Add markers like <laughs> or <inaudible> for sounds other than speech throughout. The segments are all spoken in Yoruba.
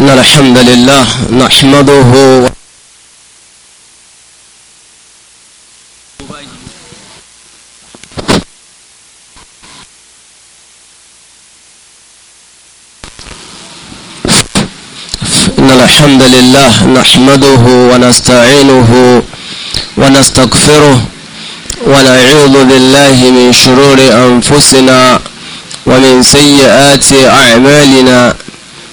إن الحمد لله نحمده إن الحمد لله نحمده ونستعينه ونستغفره ونعوذ بالله من شرور أنفسنا ومن سيئات أعمالنا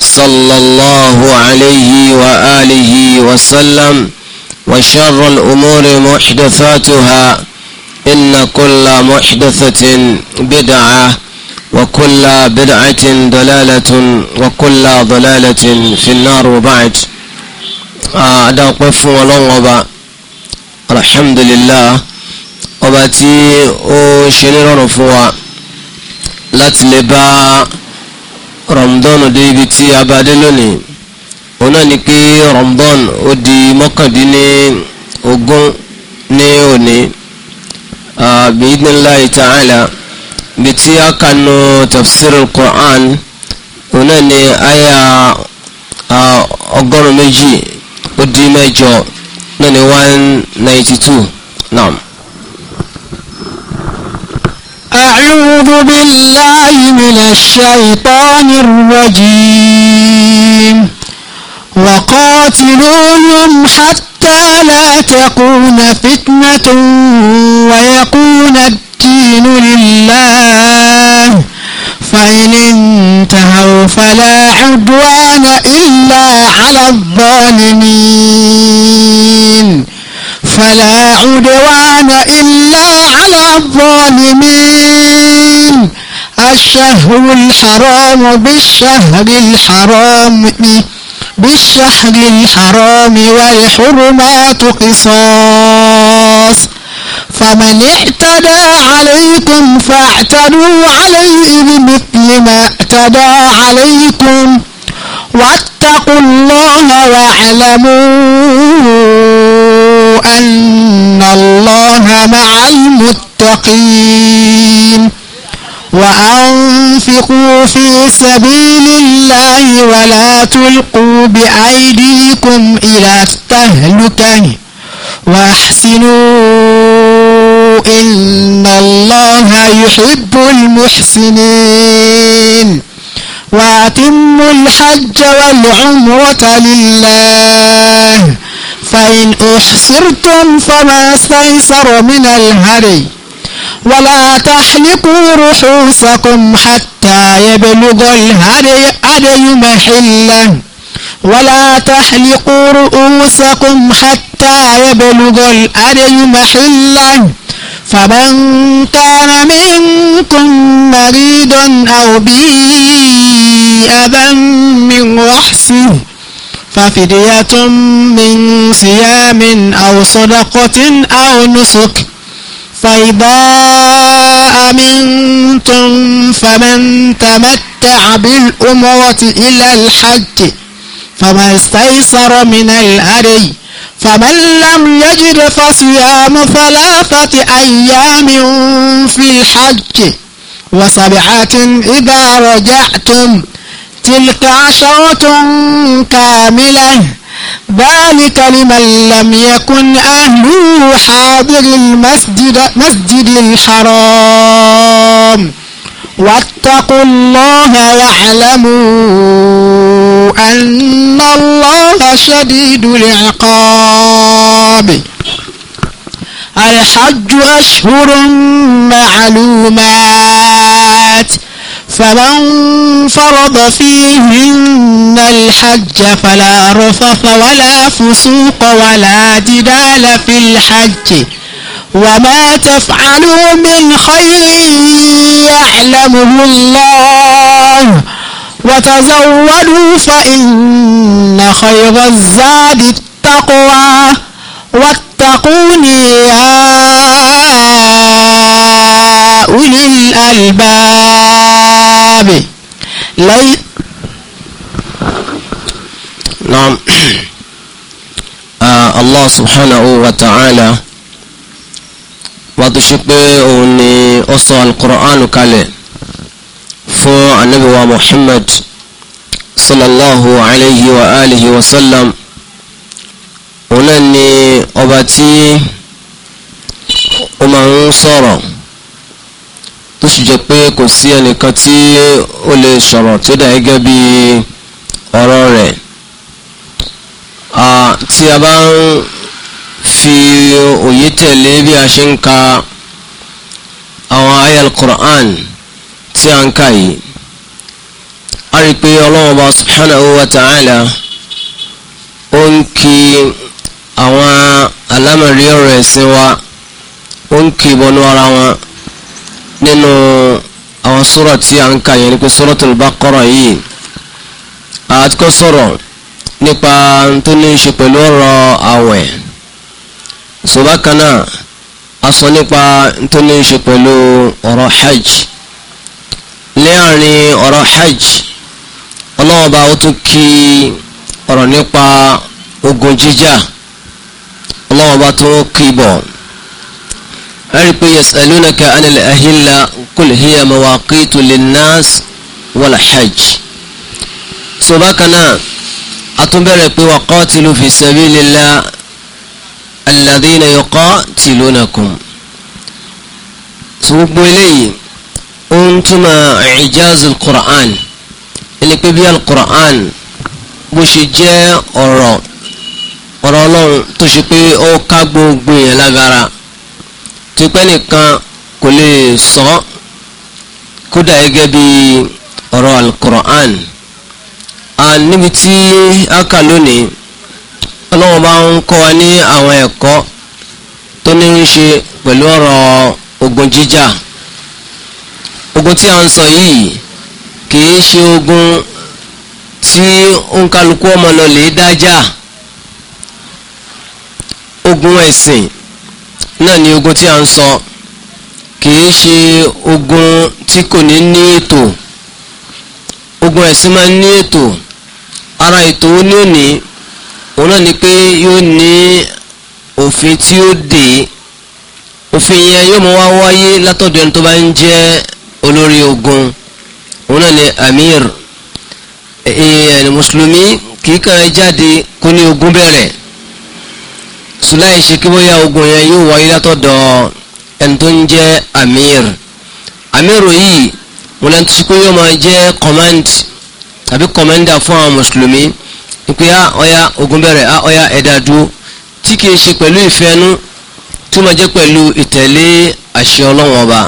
صلى الله عليه وآله وسلم وشر الأمور محدثاتها إن كل محدثة بدعة وكل بدعة ضلالة وكل ضلالة في النار وبعد آه، أدا قف ولنغب الحمد لله وباتي أشنر رفوع لتلبا rọ̀mdọ́nù dé ibi tí a bá dé lónìí òun náà ni pé rọ̀mdọ́nù ó di mọ́kàndínní ní òní bi'idhnillahi ta'ala ibi tí a kà tafsirul Qur'an òun náà ni àyà ọgọ́rùn-ún méjì ó di mẹ́jọ náà ni one ninety two أعوذ بالله من الشيطان الرجيم وقاتلوهم حتى لا تكون فتنة ويكون الدين لله فإن انتهوا فلا عدوان إلا على الظالمين فلا عدوان إلا على الظالمين الشهر الحرام بالشهر الحرام بالشهر الحرام والحرمات قصاص فمن اعتدى عليكم فاعتدوا عليه بمثل ما اعتدى عليكم واتقوا الله واعلموا أن الله مع المتقين وأنفقوا في سبيل الله ولا تلقوا بأيديكم إلى التهلكة وأحسنوا إن الله يحب المحسنين وأتموا الحج والعمرة لله فإن أحصرتم فما استيسر من الهدي ولا تحلقوا رؤوسكم حتى يبلغ الهدي أدي محله ولا تحلقوا رؤوسكم حتى يبلغ الأدي محله فمن كان منكم مريضا أو به أذى من رأسه ففدية من صيام أو صدقة أو نسك فإذا أمنتم فمن تمتع بالأمرة إلى الحج فما استيسر من الهدي فمن لم يجد فصيام ثلاثة أيام في الحج وسبعة إذا رجعتم تلك عشرة كاملة ذلك لمن لم يكن أهله حاضر المسجد مسجد الحرام واتقوا الله واعلموا أن الله شديد العقاب الحج أشهر معلومات فمن فرض فيهن الحج فلا رفث ولا فسوق ولا جدال في الحج وما تفعلوا من خير يعلمه الله وتزودوا فإن خير الزاد التقوى واتقون يا أولي الألباب الشعبي ليث نعم الله سبحانه وتعالى وتشبه أني أصل القرآن كله فو النبي محمد صلى الله عليه وآله وسلم ọ̀nà ni ọba tí ó máa ń sọ̀rọ̀ tó sì jẹ́ pé kò sí ẹnìkan tí ó lè sọ̀rọ̀ tí dà gẹ́gẹ́ bí ọ̀rọ̀ rẹ̀ tí a bá ń fi òye tẹ̀lé bí a ṣe ń ka àwọn ayal Qur'an tí a ń kà yìí a rí pé Ọlọ́hun Ọba subhanahu wa ta'ala ó ń kí àwọn alámọ̀rí ọ̀rọ̀ ẹ̀sìn wa ó ń kí ìbọnú ara wọn nínú àwọn sura tí a ń ka yẹn ni pé suratul Baqara yìí àti kò sọ̀rọ̀ nípa tó ní í ṣe pẹ̀lú ọ̀rọ̀ àwẹ̀ ṣùgbọ́n kan náà a sọ nípa tó ní í ṣe pẹ̀lú ọ̀rọ̀ hajj lẹ́yìn ọ̀rọ̀ hajj ọlọ́wọ́n ó tún kí ọ̀rọ̀ nípa ogun jíjà ọlọ́wọ́n bá tún kí bọ̀ ẹ̀ríkú yasalunaka anil ahila kul hiya mawaqitu linnas wal hajj. so bákan náà atúbẹ̀rẹ̀ pé waqatilu fi sabilillah alladhina yuqatilunakum. so gbogbo eléyìí ó ń túmọ̀ ìjáàzù qur'an ẹni pé bí al-qur'an bó ṣe jẹ́ ọ̀rọ̀ ọ̀rọ̀ ọlọ́run tó ṣe pé ó ká gbogbo yẹn lágara tí pẹ́ nìkan kò lè sọ kódà gẹ́gẹ́ bí ọ̀rọ̀ alukur'an níbi tí a kà lónìí ọlọ́wọ́n bá ń kọ́ wa ní àwọn ẹ̀kọ́ tó ní í ṣe pẹ̀lú ọ̀rọ̀ ogun jíjà ogun tí a ń sọ yìí kìí ṣe ogun tí òǹkálukú ọmọ lọ lè dájà ogun ẹ̀sìn náà ni ogun tí a ń sọ kìí ṣe ogun tí kò ní ní ètò ogun ẹ̀sìn máa ń ní ètò ara ètò ó ní òní òun náà ni pé yóò ní òfin tí ó dè òfin yẹn yóò mọ wá wáyé látọ̀dọ̀ ẹni tó bá ń jẹ́ olórí ogun òun náà ni amir ẹ̀ẹ́n mùsùlùmí kìí kàn jáde kó ní ogun bẹ̀rẹ̀ sùláì ṣe kí bóyá ogun yẹn yóò wáyé látọ̀dọ̀ ẹni tó ń jẹ́ amir amir yìí wọn lẹ́nu tó ṣe pé yóò máa jẹ́ command tàbí commander fún àwọn mùsùlùmí pé á ọ̀yá ogun bẹ̀rẹ̀ á ah, ọ̀yá ẹ̀dá dúró tí kìí ṣe pẹ̀lú ìfẹ́nu tí ó máa jẹ́ pẹ̀lú ìtẹ̀lé àṣẹ ọlọ́wọ́n ọba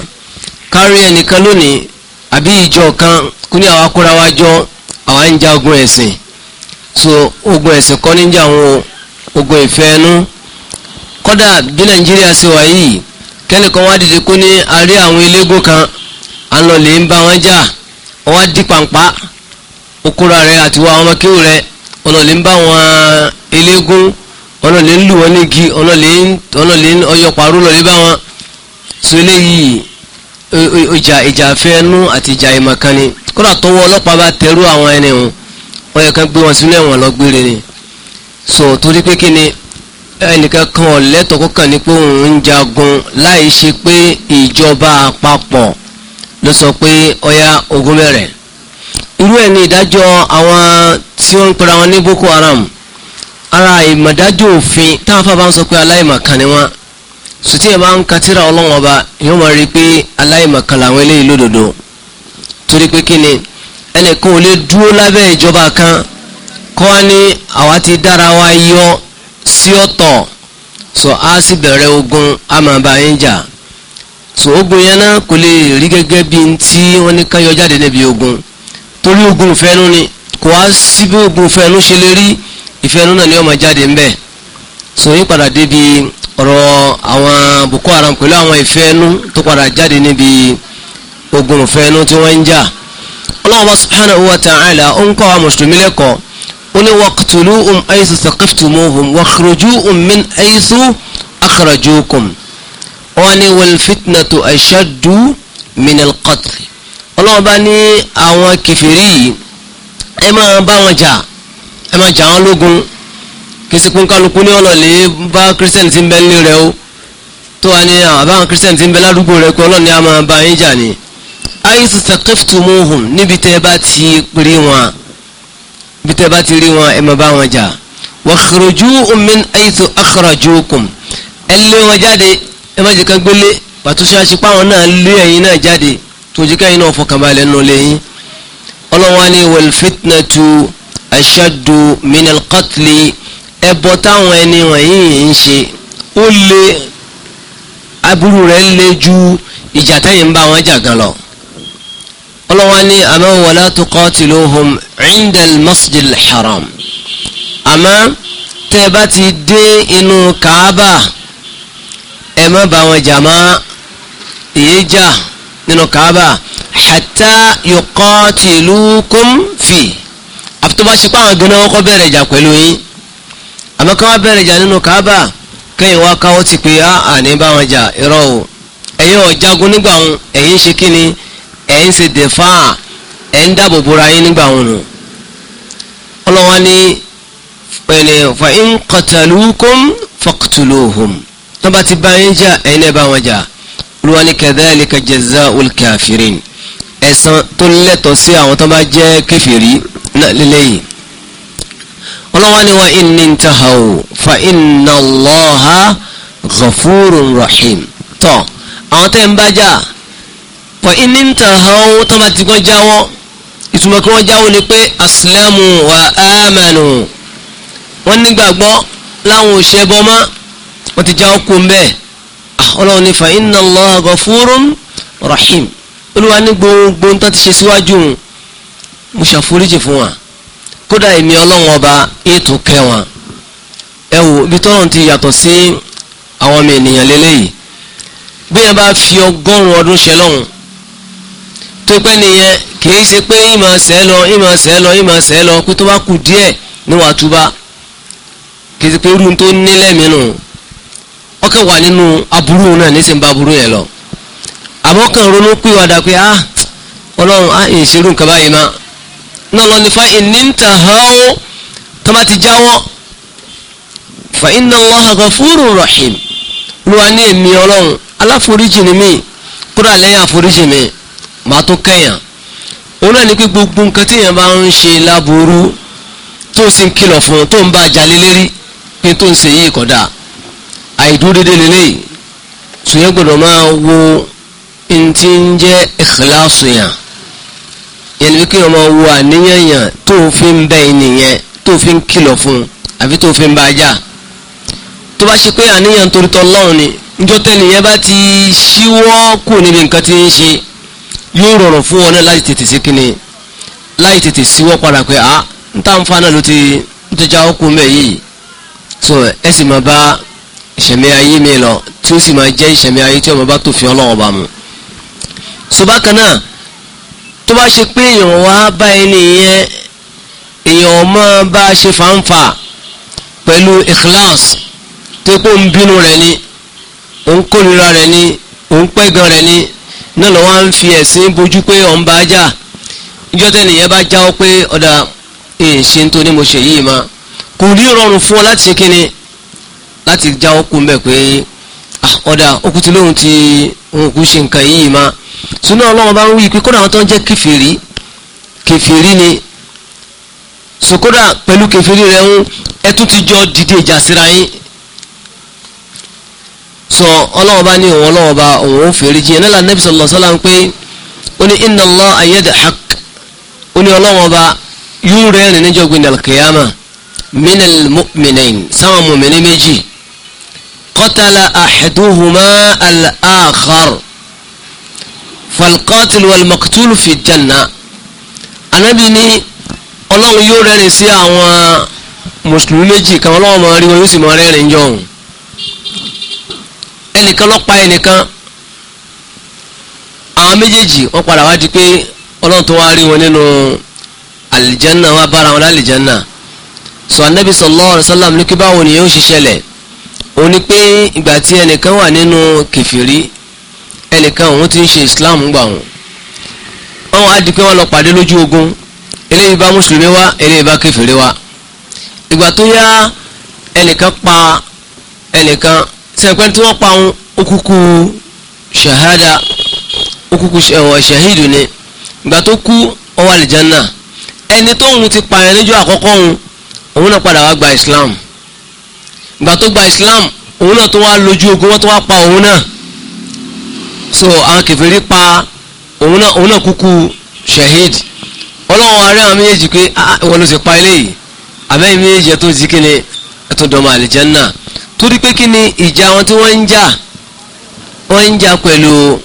kárí ẹnìkan lónìí àbí ìjọ kan kú ní àwa kóra wá jọ àwa ń ja ogun ẹ̀sìn so ogun ẹ̀sìn kọ́ níjà àwọn ogun ìfẹ́nu kọ́dà bí nàìjíríà ṣe wà yìí kẹ́nìkan wá dìde kó ní arí àwọn eléégún kan àlọ́lẹ̀ ń bá wọn jà wọ́n wá dí pàǹpá okúra rẹ àti wọ́n àwọn ọmọkéwò rẹ ọlọ́lẹ̀ ń bá wọn eléégún ọlọ́lẹ̀ ń lù wọ́n nígi ọlọ́lẹ̀ ń ọyọ pàrọ̀ lọ́lẹ̀ bá wọn so eléyìí ìjà ìjà fẹ́ẹ́nú àti ìjà ìmọ̀kan ni kọ́dà tọwọ́ ọlọ́pàá bá tẹrú àwọn ẹni wọn wọ́n yẹ gbé wọn sínú ẹ̀wọ̀n lọ gbére ni so torí pé kí ẹnìkan kan ọ̀lẹ́tọ̀ kọ́kàn ni pé òun ń jagun láì ṣe pé ìjọba àpapọ̀ ló sọ pé ọya ogun bẹ̀rẹ̀ irú ẹ̀ ní ìdájọ́ àwọn tí wọ́n ń pera wọn ní Boko Haram ara ìmọ̀dájọ́ òfin táwọn fábà ń sọ pé aláìmọ̀kan ni wọ́n sùtí ẹ̀ máa ń katira ọlọ́wọ́n ọba yóò máa rí i pé aláìmọ̀kan làwọn eléyìí lódodo torí pé kí ni ẹnìkan ò lè dúró lábẹ́ ìjọba kan kọ́ ni àwa ti dára wa yọ sí ọ̀tọ̀ so a sì bẹ̀rẹ̀ ogun a máa bá yín jà so ogun yẹn náà kò lè rí gẹ́gẹ́ bí n tí wọ́n ní ká yọ jáde níbi ogun torí ogun ìfẹ́nu ni kò wá sí bí ogun ìfẹ́nu ṣe lè rí ìfẹ́nu náà ni ó máa jáde ńbẹ̀ so yín padà débi ọ̀rọ̀ àwọn Boko Haram pẹ̀lú àwọn ìfẹ́nu tó padà jáde níbi ogun ìfẹ́nu tí wọ́n ń jà Allah subhanahu wa ta'ala ó ń kọ́ àwọn mùsùlùmí lẹ́kọ̀ọ́ ó ní waqtuluhum aythu saqiftumuhum wakhrujuhum min aythu akhrajukum ó ní wal fitnatu ashaddu min al-qatl ọlọ́wọ́n bá ní àwọn kẹfìrí yìí ẹ máa bá wọn jà ẹ máa jà wọn lógun kìsìkún kálukú ní ọlọ́ọ̀lẹ́ bá kírísítẹ́nì ti ń bẹ nílé rẹ o tó wà ní àwọn àbáwọn kírísítẹ́nì ti ń bẹ ládùúgbò rẹ pé ọlọ́ọ̀ni a máa bá yín jà ni aythu saqiftumuhum níbi tẹ́ ẹ bá ti rí wọn bí tẹ́ bá ti rí wọn ẹ má bá wọn jà wakhrujuhum min aythu akhrajukum ẹ lé wọn jáde ẹ má jẹ́ kán gbélé pàtó ṣe àṣepá wọn náà lé ẹ̀yin náà jáde tó jẹ́ káyìn náà fọkànbalẹ̀ nù lẹ́yìn ọlọ́wọ́n ni wal fitnatu ashaddu min al-qatli ẹbọ táwọn ẹni wọ̀nyí ń ṣe ó lé aburú rẹ̀ lé ju ìjà táyìn ń bá wọn jà gan lọ ọlọ́wà ní àmọ́ wala tuqatiluhum indal masjid haram àmọ́ tẹ́ ẹ bá ti dé inú kaaba ẹ má bá wọn jà má èyí jà nínú kaaba hatta yuqatilukum fi àfitọ́báṣepá àwọn gẹ́nà ọkọ̀ bẹ̀rẹ̀ jà pẹ̀lú yín àmọ́ káwá bẹ̀rẹ̀ jà nínú kaaba kẹ́yìn wá káwọ́ ti pé ah, àní bá wọn jà irọ́ o ẹ̀yin ọ̀jagun nígbà wọn ẹ̀yin ṣe kí ni ẹ̀ ń ṣe dẹ̀fà ẹ̀ ń dáàbò bora yín nígbà wọn nù ọlọ́wọ́ ní pẹ̀lẹ́ fa in qatalukum faqtuluhum tó bá ti bá yín jà ẹ̀yin náà bá wọn jà olúwa ní kadhalika jazaa'ul kafirin ẹ̀san tó lẹ́tọ̀ọ́ sí àwọn tó bá jẹ́ kèfèrí lélẹ́yìn ọlọ́wọ́ ni wa in intahaw fa inna Allaha ghafurun rahim tọ́ àwọn tẹ́ ń bá jà wa in tahaw tó bá ti kọ́ jáwọ́ ìtumọ̀ kí wọ́n jáwọ́ ni pé aslamu wa amanu wọ́n nígbàgbọ́ láwọn òṣìṣẹ́ bọ́ mọ́ wọ́n ti jáwọ́ kó mbẹ́ ah, ọlọ́run ní fa inna Allaha ghafurun rahim olúwa ní gbogbo tó ti ṣe síwájú mo ṣàforíjì fún wa kódà èmi ọlọ́run ọba ètò kẹwọn ẹ wò ibi tọ́rọ̀ ti yàtọ̀ sí àwọn ọmọ ènìyàn lélẹ́yìí bí yẹn bá fi ọgọ́rùn-ún ọdún ṣẹlọ́run tó pẹ́ nìyẹn kìí ṣe pé ìmọ̀ ṣẹ́ lọ ìmọ̀ ṣẹ́ lọ ìmọ̀ ṣẹ́ lọ kó tó bá kù díẹ̀ níwà túbá ṣe pé tó ọkẹ́ wà nínú aburú náà níṣẹ́ ń bá aburú ah ọlọ́run ah, nǹkan báyìí náà lọ ní fa ìníntà ti jáwọ́ fa rahim ní èmi ọlọ́run aláforíjì màá tún kẹyàn òun náà ni pé gbogbo nǹkan téèyàn bá ń ṣe láburú tó sì ń kìlọ̀ fún tó ń bá jalè lérí pé tó ń ṣe yí ìkọ̀dà àìdúró déédéé lélẹ́yìí tùyẹ́ gbọ́dọ̀ máa wo ntí ń jẹ́ ìkìláàsù yàn yẹn ni kí ọmọ wo àníyàn tó fi ń bẹ ènìyàn tó fi ń kìlọ̀ fún àbí tó fi ń bá a jà tó bá ṣe pé àníyàn torítọ́ lọ́rùn ni njọ́tẹ́ nìyẹn bá ti ṣíwọ́ kù níbi nǹkan tí ń ṣe yóò rọrùn fún wọn náà láì tètè sí kíni láì tètè síwọ́ padà pé a ń tà ń fa náà ló ti ń tó ọkọ mẹ́ yìí so ẹ sì máa bá ìṣẹ̀mí ayé mi lọ tí ó sì máa jẹ́ ìṣẹ̀mí ayé tí ọmọ bá tó fi ọlọ́wọ́ bá mu. so bákan tó bá ṣe pé èèyàn wá bá ẹni yẹn èèyàn máa bá ṣe fàǹfà pẹ̀lú ikhlas tó kó ń bínú rẹ̀ ni òun kórìíra rẹ̀ ni òun pẹ́gàn rẹ̀ ni náà lọ wá ń fi ẹ̀sìn bojú pé ọ̀ ń bá jà ìjọ tẹ́nìyẹn bá jáwọ́ pé ọ̀dà èèṣe ń tó ní mo ṣe yìí ma kò ní rọrùn fún ọ láti ṣe kíni láti jáwọ́ kú mbẹ́ pé ọ̀dà okùtì lóhun ti òun kù ṣe nǹkan yìí ma sùnà ọlọ́run bá ń wí pé kódà àwọn tó ń jẹ́ kẹfìrí kẹfìrí ni sòkódà pẹ̀lú kẹfìrí rẹ̀ ń ẹtún ti jọ dìde ìjà síra yín so ọlọ́wọ́ bá ní òun ọlọ́wọ́ bá òun ó fèrè jìn nílà nẹ́bí sọlọ sọlá ń pé ó ní inna Allah yadhak ó ní ọlọ́wọ́ bá yóò rẹ́rìn níjọ́ gbin alkiyama minal mu'minin sáwọn mọ̀mìnì méjì qatala ahaduhuma al-akhar falqatil wal maqtul fi janna anabi ní ọlọ́wọ́ yóò rẹ́rìn sí àwọn mùsùlùmí méjì kan ọlọ́wọ́ máa rí wọn yóò sì máa rẹ́rìn jọ̀hún ẹnìkan ló pa ẹnìkan àwọn méjèèjì wọ́n padà wá di pé ọlọ́run tó wá rí wọn nínú àlìjánná wá bára wọn lálìjánná sọ anábì sallallahu alaihi wasallam ní kí báwo ni yóò ṣiṣẹ́ lẹ̀ òun ni pé ìgbà tí ẹnìkan wà nínú kẹfìrí ẹnìkan òun ti ń ṣe islam gbà wọn wọn wá di pé wọn lọ pàdé lójú ogun eléyìí bá mùsùlùmí wá eléyìí bá kẹfìrí wá ìgbà tó yá ẹnìkan pa ẹnìkan sẹ̀pẹ́ tí wọ́n pa òun okùnkù shahada okùnkù ṣahidu ni ìgbà tó kú ó wà àlìjánà ẹni tó ń ti pààyàn níjọ́ àkọ́kọ́ òun òun náà padà wá gba islam ìgbà tó gba islam òun náà tó wá lójú ogun wọ́n tó wá pa òun náà so àwọn kèfèrí pa òun náà òun náà kúkú shahid ọlọ́wọ́ arẹ́ àwọn méjèèjì pé ah, ah, wọ́n ló ti pa eléyìí àbẹ́yìn méjèèjì ẹ̀ tó di kíni ẹ̀ tó dọ̀mọ̀ àlìjánà torí pé kí ni ìjà wọn tí wọ́n ń jà wọ́n ń jà pẹ̀lú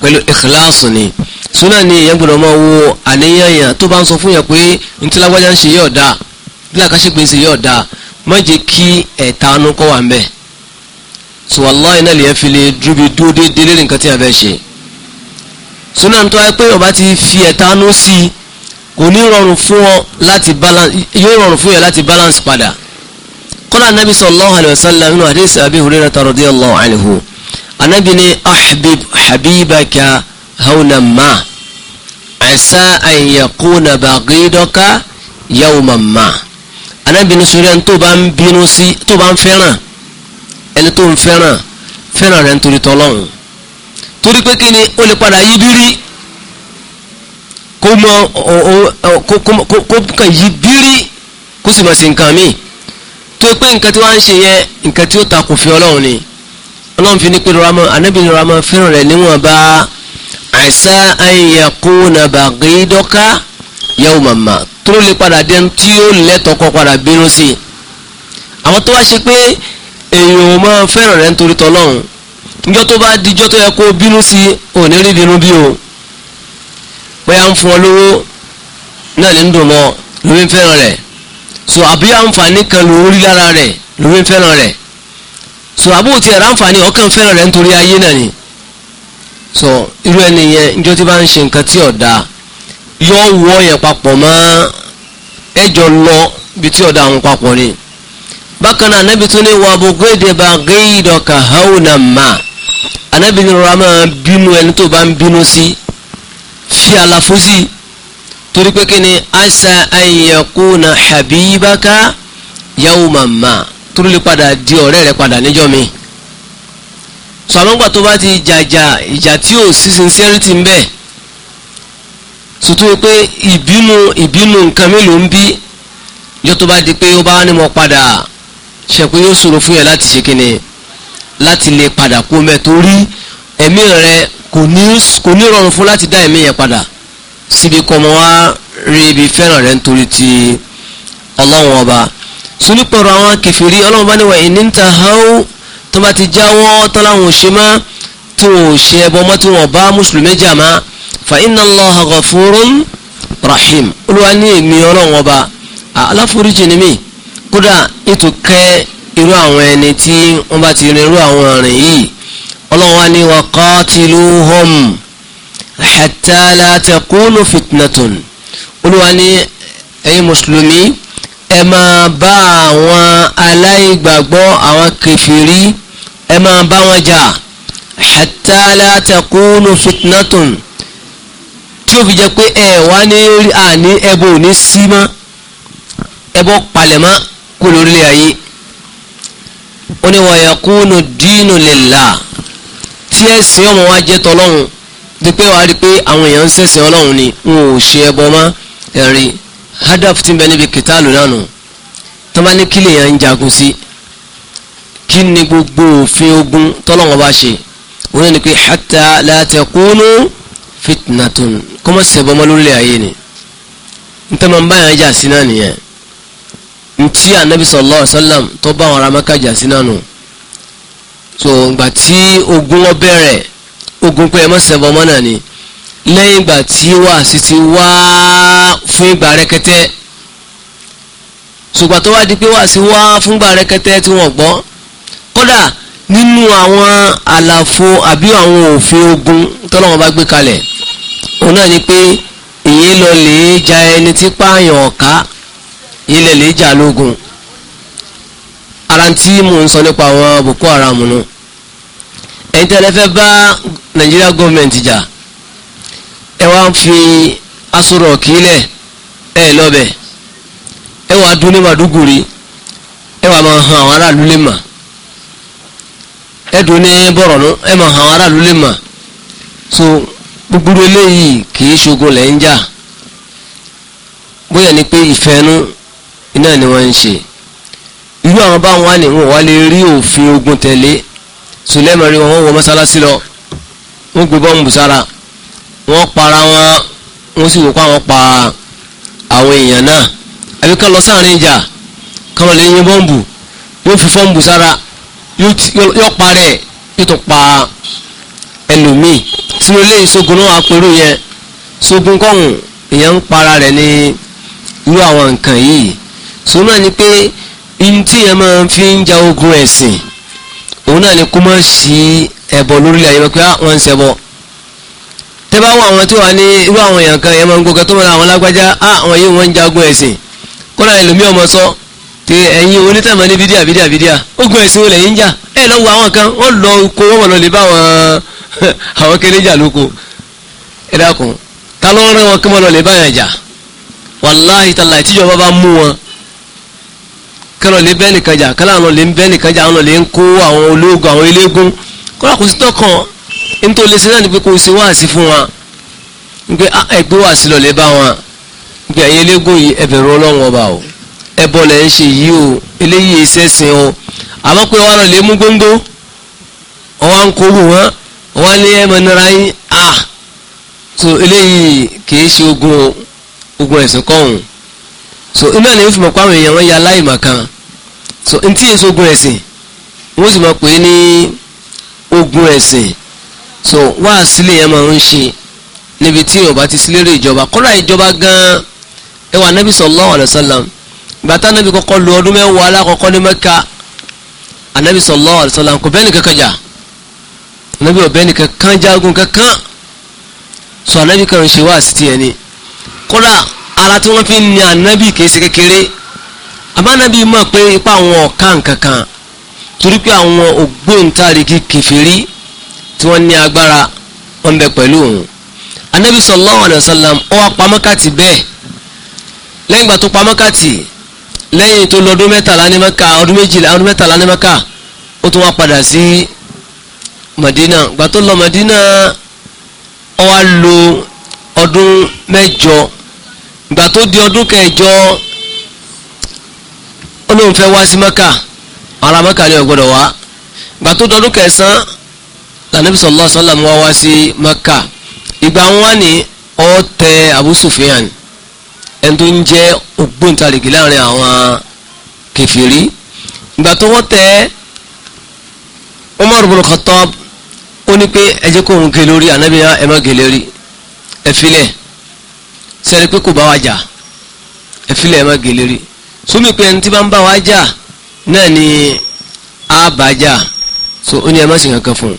pẹ̀lú ìkìláàsù ni súnà ni ìyẹn gbọ́dọ̀ máa wo àníyàn yẹn tó bá ń sọ fún yẹn pé ntìlágbájá ń ṣe yóò dáa nílàkàṣẹ́gbé ń ṣe yóò dáa má jẹ́ kí ẹ̀ta anú kọ́ wà ń bẹ̀ so wallahi náà lè yẹn fi lè dúbi dúró déédéé lórí nǹkan tí a fẹ́ ṣe súnà tó wáyé pé ọba ti fi ẹ̀ta anú sí kò ní rọrùn fún ọ láti balance yóò rọrùn fún yẹn láti balance padà kọ́lá anabi sallallahu alayhi wa sallam nínú hadith abi hurairah radiyallahu anhu anabi ni ahbib habibaka hawna ma asa an yakuna bagidaka yawma ma anabi ni sori ẹni tó bá ń bínú sí tó bá ń fẹ́ràn ẹni tó ń fẹ́ràn fẹ́ràn rẹ̀ nítorí tọ́lọ́hún torí pé kí ni ó lè padà yí bírí kó mọ kó kàn yí bírí kó sì mọ̀ sí nǹkan míì tó pé nǹkan tí wọ́n ń ṣe yẹn nǹkan tí ó ta kò fi ọlọ́run ni ọlọ́run fi ní pé rọra mọ́ anábì rọra mọ́ fẹ́ràn rẹ̀ níwọ̀n bá àìsá ayẹ̀kú nàbàgé dọ́ká yẹ̀wò màmá tó lè padà dé tí ó lẹ́tọ̀ọ́ kọ́ padà bínú sí i àwọn tó wá ṣe pé èèyàn ò máa fẹ́ràn rẹ̀ nítorí tọ́lọ́run níjọ́ tó bá dijọ́ tó yẹ kó bínú sí i ò ní rí bínú bí o pé à ń fún ọ lówó náà ní ń dùn mọ́ lórí fẹ́ràn rẹ̀ so àbí àǹfààní kan ló rí lára rẹ̀ ló rí so àbúrò tiẹ̀ ráǹfààní ọkàn fẹ́ràn rẹ nítorí ayé náà ni so irú ẹni yẹn níjọ́ tí bá ń ṣe nǹkan tí yọ wọ yẹn papọ̀ mọ́ ẹjọ lọ bí tí ọ̀dà papọ̀ ni bákan náà anábì ní wà bá anábì ní rọra máa bínú ẹni tó bá torí pé kí ni asa ayakuna habibaka yawma ma turu lè padà di ọ̀rẹ́ rẹ padà níjọ́ mi sọ àlọ́ngbà tó bá ti jàjà ìjà tí ò sí sincerity ń bẹ sòtú pé ìbínú ìbínú nǹkan mélòó ń bí yóò tó bá di pé ó bá ní mo padà ṣẹ̀kú yóò ṣòro fún yẹn láti ṣe kíni láti lè padà kó mẹ́ torí ẹ̀mí rẹ kò ní rọrùn fún láti dá ẹ̀mí yẹn padà síbi kọ́ mọ́ wá rí ibi fẹ́ràn rẹ̀ nítorí ti ọlọ́run ọba sunipọ̀rọ̀ àwọn kẹfìrí ọlọ́run bá ní wà ní níta hao tó bá ti jáwọ́ tán láwọn òṣè má tí wọn ò ṣe ẹbọ mọ́ tí wọn bá mùsùlùmí jà má fa inna Allaha ghafurun rahim olúwa ní èmi ọlọ́run ọba aláforíjì ni mí kódà ètò kẹ́ irú àwọn ẹni tí wọ́n bá ti rin irú àwọn ọ̀rìn yìí ọlọ́run wá ní wa qatiluhum hatta la takunu fitnatun olúwa ní ẹ̀yin mùsùlùmí ẹ máa bá àwọn aláìgbàgbọ́ àwọn kẹfìrí ẹ máa bá wọn jà hatta la takunu fitnatun tí ó fi jẹ́ pé ẹ wá ní àní ẹbọ ò ní sí mọ́ ẹbọ palẹ̀mọ́ kó lórílẹ̀ ayé ó ní wa yakunu dinu lillah tí ẹ̀sìn ọmọ wa jẹ́ tọ́lọ́hún di pé wàá rí i pé àwọn èèyàn ń sẹ̀sìn ọlọ́run ni wọn ò ṣe ẹbọ mọ́ ẹ̀rí hadaf ti ń bẹ níbi kìtàlù náà nù tó bá ní kí lèèyàn ń jagun sí kí ni gbogbo òfin ogun tọ́lọ́wọ́n bá ṣe wọn ni pé hatta la takunu fitnatun kọ́mọ́ ṣẹbọ mọ́ lórílẹ̀ ayé ni ntẹ́mọ̀ ń báyà jà sí náà nìyẹn ntí anabi sallallahu alaihi wasallam tó bá àwọn ará Mẹ́kà jà sí náà nù so ìgbà tí ogun wọn bẹ̀rẹ̀ ogun pé ẹ mọ́ sẹ́bọ̀ mọ́ náà ni lẹ́yìn ìgbà tí wàásì ti wá fún ìgbà rẹ̀kẹ̀tẹ̀ ṣùgbọ́n tó wá di pé wàásì wá fún ìgbà rẹ̀kẹ̀tẹ̀ tí wọ́n gbọ́ kódà nínú àwọn àlàfo àbí àwọn òfin ogun tọ́lọ́wọ́n bá gbé kalẹ̀ òun náà ni pé ìyẹn lọ lè ja ẹni tí pààyàn ọ̀ká ìyẹn lè lè jà lógun ara mò ń sọ nípa àwọn Boko Haram nù. ẹ̀yin tẹ́lẹ̀ bá nàìjíríà gọ́ọ̀mẹ̀ntì jà ẹ wá fi asọ̀rọ̀ kílẹ̀ ẹ lọ́bẹ̀ ẹ wá dún ní ẹ wá máa àwọn aráàlú lè mà ní bọ̀rọ̀nù ẹ máa àwọn aráàlú lè mà so gbogbo eléyìí kì í ṣogun lẹ́ ń jà bóyá ni pé iná ni ń ṣe ogun sùlẹ́mọ̀ rí wọn wọ mọ́sálásí lọ wọ́n gbé bọ́ọ̀mù sára wọ́n para wọn wọ́n sì wò pa àwọn pa àwọn èèyàn náà àbí ká lọ sáàrin ìjà káwọn lè yín bọ́ọ̀mù yóò fi fọ́ọ̀mù sára yóò parẹ́ yóò tún pa ẹlòmíì sínú ilé ìṣogun náà apẹ̀rù yẹn ṣogun kọ́hún èèyàn ń para rẹ̀ ní irú àwọn nǹkan yìí sọ náà ni pé ihun yẹn máa fi ń ja ogun ẹ̀sìn òun náà lè kó mọ́ sí ẹbọ lórílẹ̀ ayé pé ah, wọ́n ń ṣẹbọ tẹ́ bá wọn àwọn tí wọ́n ní irú àwọn èèyàn kan yẹn máa ń gbọ́ kẹ́tọ́ mọ́ra àwọn lágbájá ah, àwọn yìí wọ́n ń jagun ẹ̀sìn kọ́ra ẹlòmíì ọmọ sọ ti ẹ̀yin onítẹ̀mọ́ ní bídíà bídíà bídíà ogun ẹ̀sìn olè yín jà ẹ̀ lọ́wọ́ àwọn kan wọ́n lọ oko wọ́n lọ lè bá àwọn <laughs> kéré lóko ẹ̀ dákun ta kẹlọ lè bẹ́ẹ̀ nìkan jà kẹlọ àwọn lè bẹ́ẹ̀ nìkan jà àwọn lè ń kó àwọn ológun àwọn eléégún kọ́lá kò sí tọkàn nítorí lè ṣe náà ni pé kò wáàsí fún wa nígbẹ́ ah, ẹgbẹ́ wáàsí lọ lè bá wọn nígbẹ́ ẹ̀yẹ eléégún yìí o ẹbọ lẹ̀ ń ṣe yìí o eléyìí ẹsẹ̀ sìn o àmọ́ pé wọn lè mú góńgó ah so eléyìí kì í ogun ogun ẹ̀sìn kọ́hùn so iná ni wọ́n fi mọ̀ pé àwọn èèyàn wọn ya aláìmọ̀ kan so n tí èso ogun ẹ̀sìn wọ́n sì mọ̀ pé ní ogun ẹ̀sìn so wá sílé yẹn máa ń ṣe níbi tí ó bá ti sílé rè ìjọba kọ́ra ìjọba gan-an ẹ wà nábì sallallahu alaihi wasallam bàtà nábì kọ́kọ́ lu ọdún mẹ́wàá alákọ̀ọ́kọ́ ní mẹ́ka ànábì sallallahu alaihi wasallam kò bẹ́ẹ̀ nìkan kan jà ànábì ọ̀bẹ́ nìkan kan kankan so ànábì kan ń ṣe wá sí tiẹ̀ ni kọ́ra ara tí wọ́n fi ń ni ànábì kìí ṣe kékeré àbánábì mọ̀ pé ipa àwọn ọ̀ka nkankan torí pé àwọn ògbóǹtarìgì kẹfìrí tí wọ́n ní agbára wọ́n bẹ pẹ̀lú òun ànábì sallallahu alayhi wa sallam ó wá pamọ́kàtì bẹ́ẹ̀ lẹ́yìn ìgbà tó pamọ́kàtì lẹ́yìn tó lọ́dún mẹ́tàlá ní mẹ́ka ọdún méjìlá ọdún mẹ́tàlá ní mẹ́ka ó tún wá padà sí Madina ìgbà tó lọ Madina ó wá lò ọdún mẹ́jọ ìgbà tó di ọdún kẹjọ ó lóun fẹ́ wá sí mẹ́kà ara mẹ́kà ni ó wá ìgbà tó di ọdún kẹsàn-án lànàbí sallallahu alaihi wasallam wá wá sí mẹ́kà ìgbà wọn wá ní ọ̀tẹ̀ Abu Sufyan ẹni tó ń jẹ́ ògbóǹtarìgì láàrin àwọn kẹfìrí ìgbà tó wọ́n tẹ̀ Umar ibn Khattab ó ní pé ẹ jẹ́ kó òun gé lórí ànábìyàn ah, ẹ má gé lórí ẹ filẹ̀ sẹ́ni pé kò bá wa jà ẹ̀fílẹ̀ ẹ̀ má gèlè sómi pé ẹni tí bá ń bá wa jà náà ni á bá jà so ó ní ẹ má ṣe kankan fún un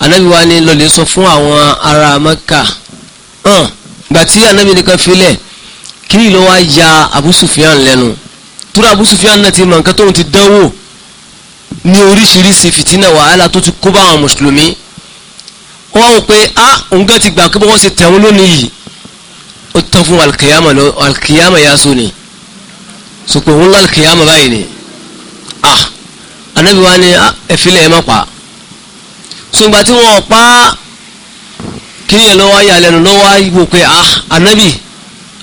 anabi wa ni lọ́lẹ̀ sọ fún àwọn ará maka hàn gbà anabi nìkan filẹ̀ kí ni ló wá ya abusufian Sufyan lẹ́nu tura Abu Sufyan náà ti mọ nǹkan tóun ti dánwò ní oríṣiríṣi fìtínà wàhálà tó ti kó bá àwọn mùsùlùmí wọ́n wọ́n pé a ah, òun gan ti gbà pé wọ́n ṣe tẹ̀wọ́n lónìí yìí o tán fún alkiyama lọ alkiyama yá so ni sùpò ń lọ ni ah anabi wa ni ẹfilẹ ẹ má pa sùgbà tí wọn pa kíni yẹn lọ́wọ́ ayé alẹ́ nu lọ́wọ́ ayíwo ah anabi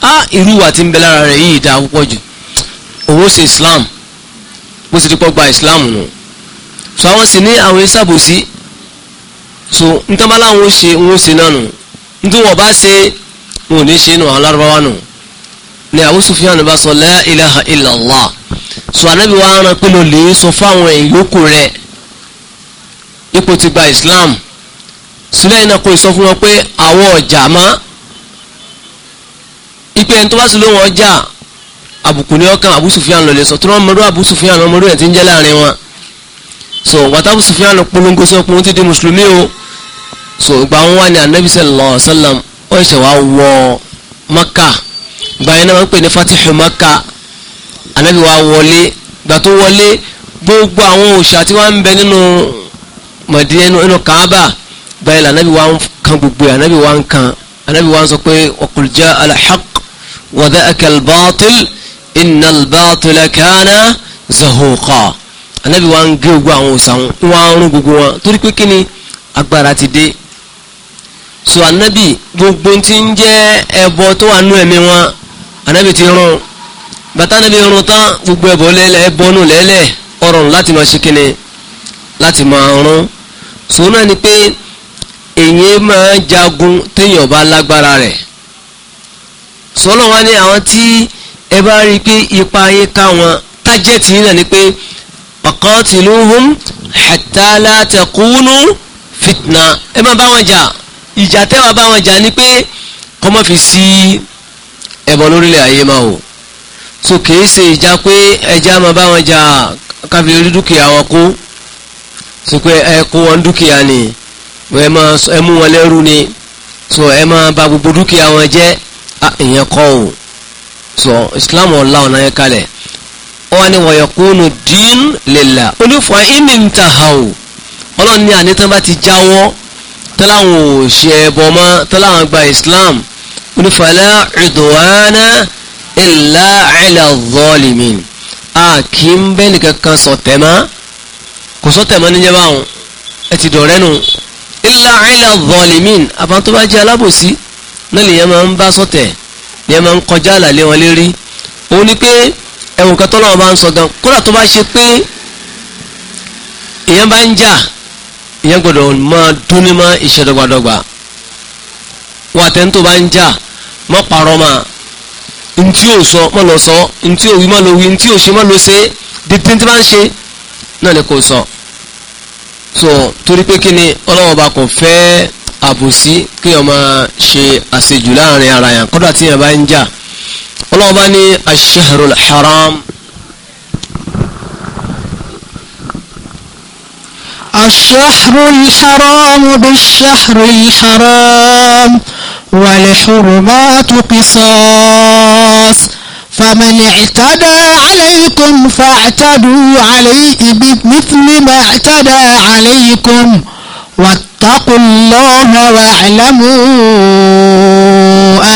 ah irú wa ti ń bẹ lára rẹ̀ yìí dáa púpọ̀ islam bó ti dúpọ̀ gba islam nù so àwọn sì ní àwọn ìsàbòsí so ntọ́ba láwọn ó ṣe wọn ó ṣe náà nù ntí wọn bá ṣe wọn ò ní ṣe nù àwọn lárúbáwá nù ni Abu Sufyan bá sọ la ilaha illallah sọ anabi wa ara pé ló lè sọ fáwọn ìyókù rẹ ipò ti gba Islam sílẹ̀ iná kò sọ fún wọn pé àwọn ọjà má ipe ẹni tó bá sì lóun ọjà àbùkù ní ọkàn Abu Sufyan lè sọ tí wọn mọdú Abu Sufyan ọmọdú ẹ ti ń jẹ láàrin wọn so wàtá Abu Sufyan polongo sọ pé wọn ti di mùsùlùmí o so ìgbà wọn wà ní anabi sallallahu alaihi wasallam ó ṣe wá wọ maka gbàyẹn náà wọ́n pè ní fatihu maka anabi wa wọlé gbà tó wọlé gbogbo àwọn òòṣà tí wọ́n ń bẹ nínú mọ̀dí ẹnu ẹnu kaaba gbàyẹn náà anabi wa ń kan gbogbo ẹ̀ anabi wa ń kan anabi wa ń sọ pé qul jaa al-haqq wa dha'aka al-batil inna anabi wa ń gé gbogbo àwọn òòṣà wọn ń rún gbogbo wọn torí pé kí agbára ti dé so anabi gbogbo tí ń jẹ́ ẹbọ tó wà nú ẹ̀mí wọn anabi ti rún bàtà anabi rún tán gbogbo ẹbọ lẹ́lẹ̀ ẹbọ nù lẹ́lẹ̀ ọrùn láti máa ṣe kíni láti máa rún so náà ni pé èyí máa jagun téèyàn bá lágbára rẹ̀ so ọlọ́run wá àwọn tí ẹ bá rí i pé ipa yín ká wọn tájẹ́tì yín náà ni pé pàkọ́tìlúhùn hatta la takunu fitna ẹ máa bá wọn jà ìjà tẹ́wà bá wọn jà ni pé kọ́mọ́ fi sí ẹ̀bọ̀ lórílẹ̀ ayé máa o so kìí ṣe ìjà pé ẹja máa bá wọn jà káfí rí dúkìá wọn kó so pé ẹ kó wọn dúkìá ni ẹ mú wọn lẹ́rú ni so ẹ máa bà gbogbo dúkìá wọn jẹ́ ìyẹn kọ́ o so Islam ọ̀la ọ̀nà yẹn kalẹ̀ wọ́n ní wọ̀nyẹ̀ kúnnù dín lillah onífọ̀ọ́ ìmìntàhà o ọlọ́run ní bá ti jáwọ́ tọ́láwọn ò ṣe ẹbọ mọ́ tọ́láwọn gba islam onífàlẹ́ ìdùnwánà ìlà àìlà zalimin a kì í bẹ́ẹ̀ nìkan kan sọ̀tẹ̀ mọ́ kò sọ̀tẹ̀ mọ́ níjẹ́ báwọn ẹ ti dọ̀rẹ́ nu ìlà àìlà zalimin àbá tó bá jẹ́ alábòsí náà lèyẹn máa ń bá sọ̀tẹ̀ lèyẹn máa ń kọjá àlàlé wọn lérí òun ni pé ẹ̀wùn kan tọ́lọ́wọ́ bá ń sọ gan kódà ìyẹn gbọ́dọ̀ máa dúní mọ́ ìṣẹ́dọ́gbàdọ́gba wà tẹ́ńtò bá ń jà mọ́ parọ́ máa ntí o sọ mọ lọ sọ ntí o wí mọ lọ wí ntí o ṣe mọ lọ ṣe dídí tí bá ń ṣe náà ni kò sọ so torí pé kí ni ọlọ́wọ́n bá kò fẹ́ àbòsí kí wọ́n máa ṣe àṣejù láàrin ara yẹn kọ́dà tí yẹn bá ń jà ọlọ́wọ́n bá ní ash haram الشهر الحرام بالشهر الحرام والحرمات قصاص فمن اعتدى عليكم فاعتدوا عليه بمثل ما اعتدى عليكم واتقوا الله واعلموا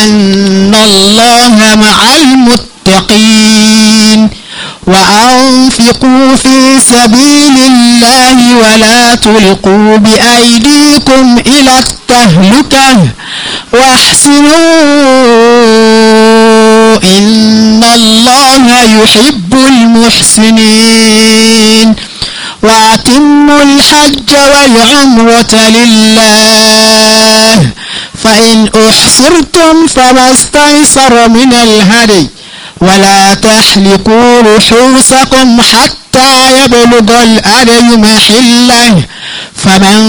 أن الله مع المتقين وأنفقوا في سبيل الله ولا تلقوا بأيديكم إلى التهلكة واحسنوا إن الله يحب المحسنين وأتموا الحج والعمرة لله فإن أحصرتم فما استيسر من الهدي ولا تحلقوا رؤوسكم حتى يبلغ الأذي محله فمن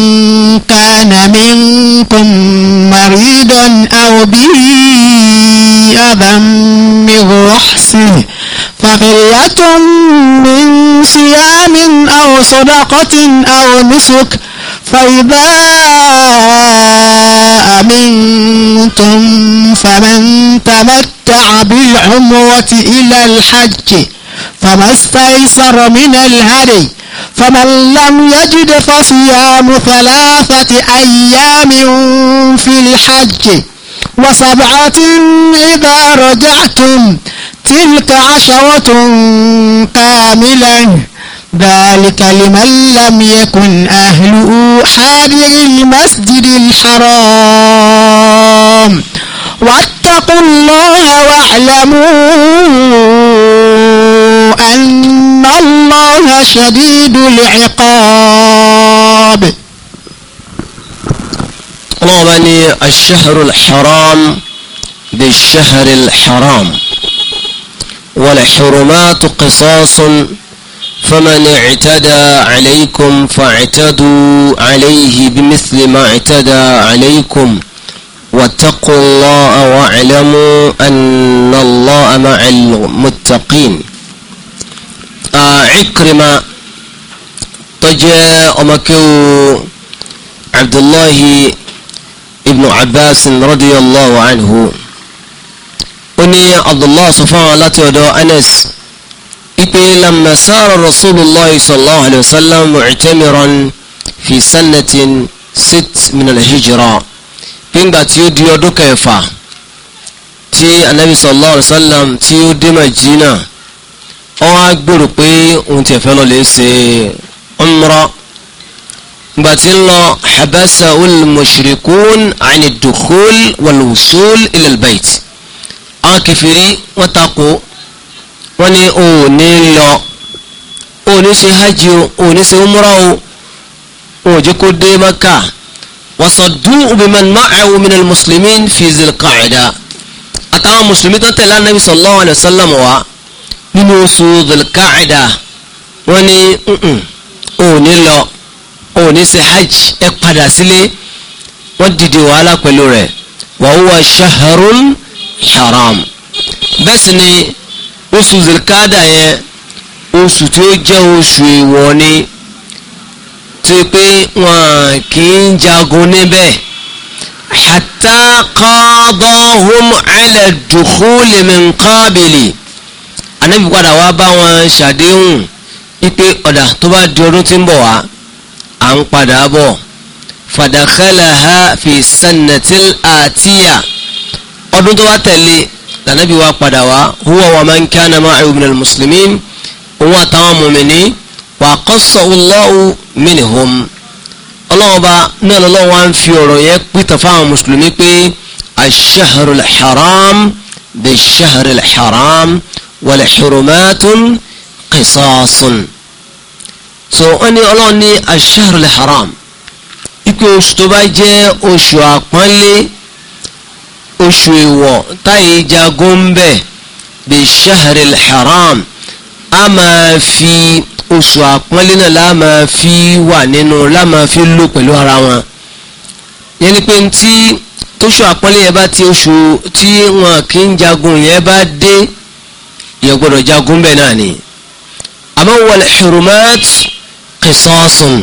كان منكم مريضا أو به أذى من رحسه فقرية من صيام أو صدقة أو نسك فإذا أمنتم فمن تمتع بالعمرة إلى الحج فما استيسر من الهدي فمن لم يجد فصيام ثلاثة أيام في الحج وسبعة إذا رجعتم تلك عشرة كاملة ذلك لمن لم يكن أهله حاضر المسجد الحرام واتقوا الله واعلموا أن الله شديد العقاب الله الشهر الحرام بالشهر الحرام والحرمات قصاص فمن اعتدى عليكم فاعتدوا عليه بمثل ما اعتدى عليكم واتقوا الله واعلموا أن الله مع المتقين عكرمة تجاء مكو عبد الله ابن عباس رضي الله عنه أني عبد الله سبحانه الله أنس ipe lamma sara rasulillah sallallahu alayhi wa sallam mu'tamiran fi sanatin sit min alhijra píngbà tí ó di ọdún kẹfà tí anabi sallallahu alayhi wa sallam tí ó dé Madina wọn á gbèrò pé òun ti ẹ̀fẹ́ lọ lè ṣe umra gbà tí ń lọ habasa al-mushrikun ani dukhul wal wusul albayt àwọn kẹfìrí wọn takò wọ́n ní o ò ní lọ o ní ṣe hajj o o ní ṣe umra o o jẹ́ kó dé maka wasadduhu biman ma'ahu min al-muslimin fi zilqaida àtàwọn mùsùlùmí tó tẹ̀lé anabi sallallahu alayhi wa sallam wa nínú oṣù zilqaida wọ́n ní o ní lọ o ní ṣe hajj ẹ padà sílé wọ́n dìde wàhálà pẹ̀lú rẹ̀ wa huwa haram bẹ́ẹ̀ ni oṣù zilkada yẹn oṣù tí ó jẹ́ oṣù èèwọ̀ ni tó yẹ pé wọn kì í jagun níbẹ̀ hatta qadahum ala dukhuli min qabili anabi padà wá bá wọn ṣàdéhùn ipe ọ̀dà tó bá di ọdún tí ń bọ̀ wá à ń padà bọ̀ fadakhalaha fi sannatil atiya ọdún tó wá tẹ̀lé lànàbí wa padà wá huwa wa man kana ma'ahu minal muslimin òun àtàwọn mùmìnì wa qassahu Allahu minhum ọlọ́wọ́ba náà lọ́wọ́ wa ń fi ọ̀rọ̀ yẹn pìtàn fáwọn mùsùlùmí pé ash-shahrul haram bish-shahril haram wal hurumatun so wọ́n ní ọlọ́wọ́ ní ash-shahrul haram ikú oṣù tó bá jẹ́ oṣù àpọ́nlé oṣù ìwọ̀ táyé jagun ń bẹ̀ bí shahril haram a máa fi oṣù àpọ́nlé náà la máa fi wà nínú la máa fi lò pẹ̀lú ara wọn yẹn ni pé tí tóṣù àpọ́nlé yẹn bá ti oṣù tí wọn kì í jagun yẹn bá dé yẹn gbọ́dọ̀ jagun bẹ́ẹ̀ náà ni àmọ́ wal hurumat qisasun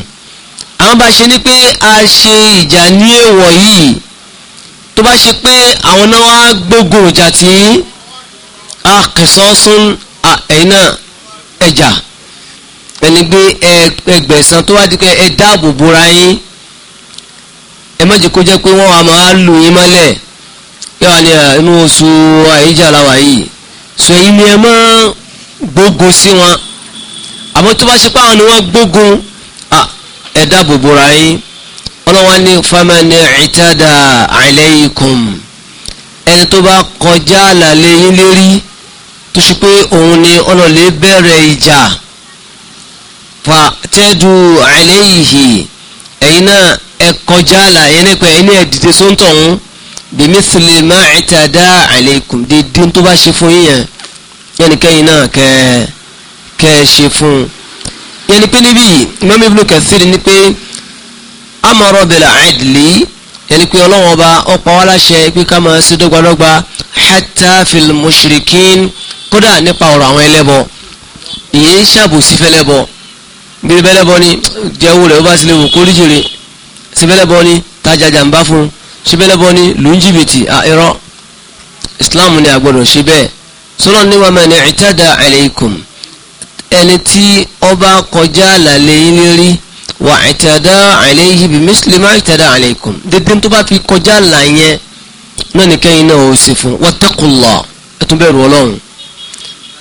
àwọn bá ṣe ni pé a ṣe ìjà ní èèwọ̀ yìí tó bá ṣe pé àwọn náà wá gbógun ìjà tí a kẹsọ́ sún ẹ̀yìn náà ẹ̀jà ẹni gbé ẹgbẹ̀sán tó wá di pé ẹ dáàbò bora yín ẹ má jẹ́ kó jẹ́ pé wọ́n wá máa lù yín mọ́lẹ̀ yóò wá ní inú oṣù àyíjà làwà sọ èyí ni ẹ má gbógun sí wọn àmọ́ tó bá ṣe pé àwọn ni wọ́n gbógun ẹ dáàbò bora yín ọlọ́wọ́n ní famani ìtada alaykum ẹni tó bá kọjá àlàlé yín lérí tó ṣe pé òun ni ọlọ́lẹ̀ bẹ̀rẹ̀ ìjà fa tẹ́jú alayhi ẹ̀yin náà ẹ kọjá àlà yẹn nípa ẹni ẹ dìde sóńtọ̀ ọ̀hún bimithli ma ìtada alaykum dédé tó bá ṣe fún yín yẹn náà kẹ́ kẹ́ ṣe fún un yẹn ni pé níbí Imam Ibn Kathir ni pé amọ̀rọ̀ bẹ̀rẹ̀ àìdìlì yẹni pé ọlọ́wọ́n ọba ọ̀pá wa láṣẹ pé ká máa ṣe dọ́gbadọ́gba hatta fil mushrikin kódà nípa ọ̀rọ̀ àwọn ẹlẹ́bọ ìyẹn ṣàbòsí fẹ́lẹ́bọ bíi bẹ́lẹ́bọ ni jẹ́wó rẹ̀ ó bá sílẹ̀ wò kórìjìrì sí bẹ́lẹ́bọ ni tajajà ń bá fún un ṣe bẹ́lẹ́bọ ni lù ń jìbìtì à irọ́ islam ni a ṣe bẹ́ẹ̀ sọlọ ní wa man i'tada alaykum ẹni tí ọba kọjá àlàlé yín lérí wà ìtẹ̀dá àìlẹ́yìí bí mùsùlùmí má ìtẹ̀dá àìlẹ́kùn dédé tó bá fi kọjá là yẹn náà nìkẹ́yìn náà ó sì fún wattaqullah ẹ tún bẹ̀rù ọlọ́run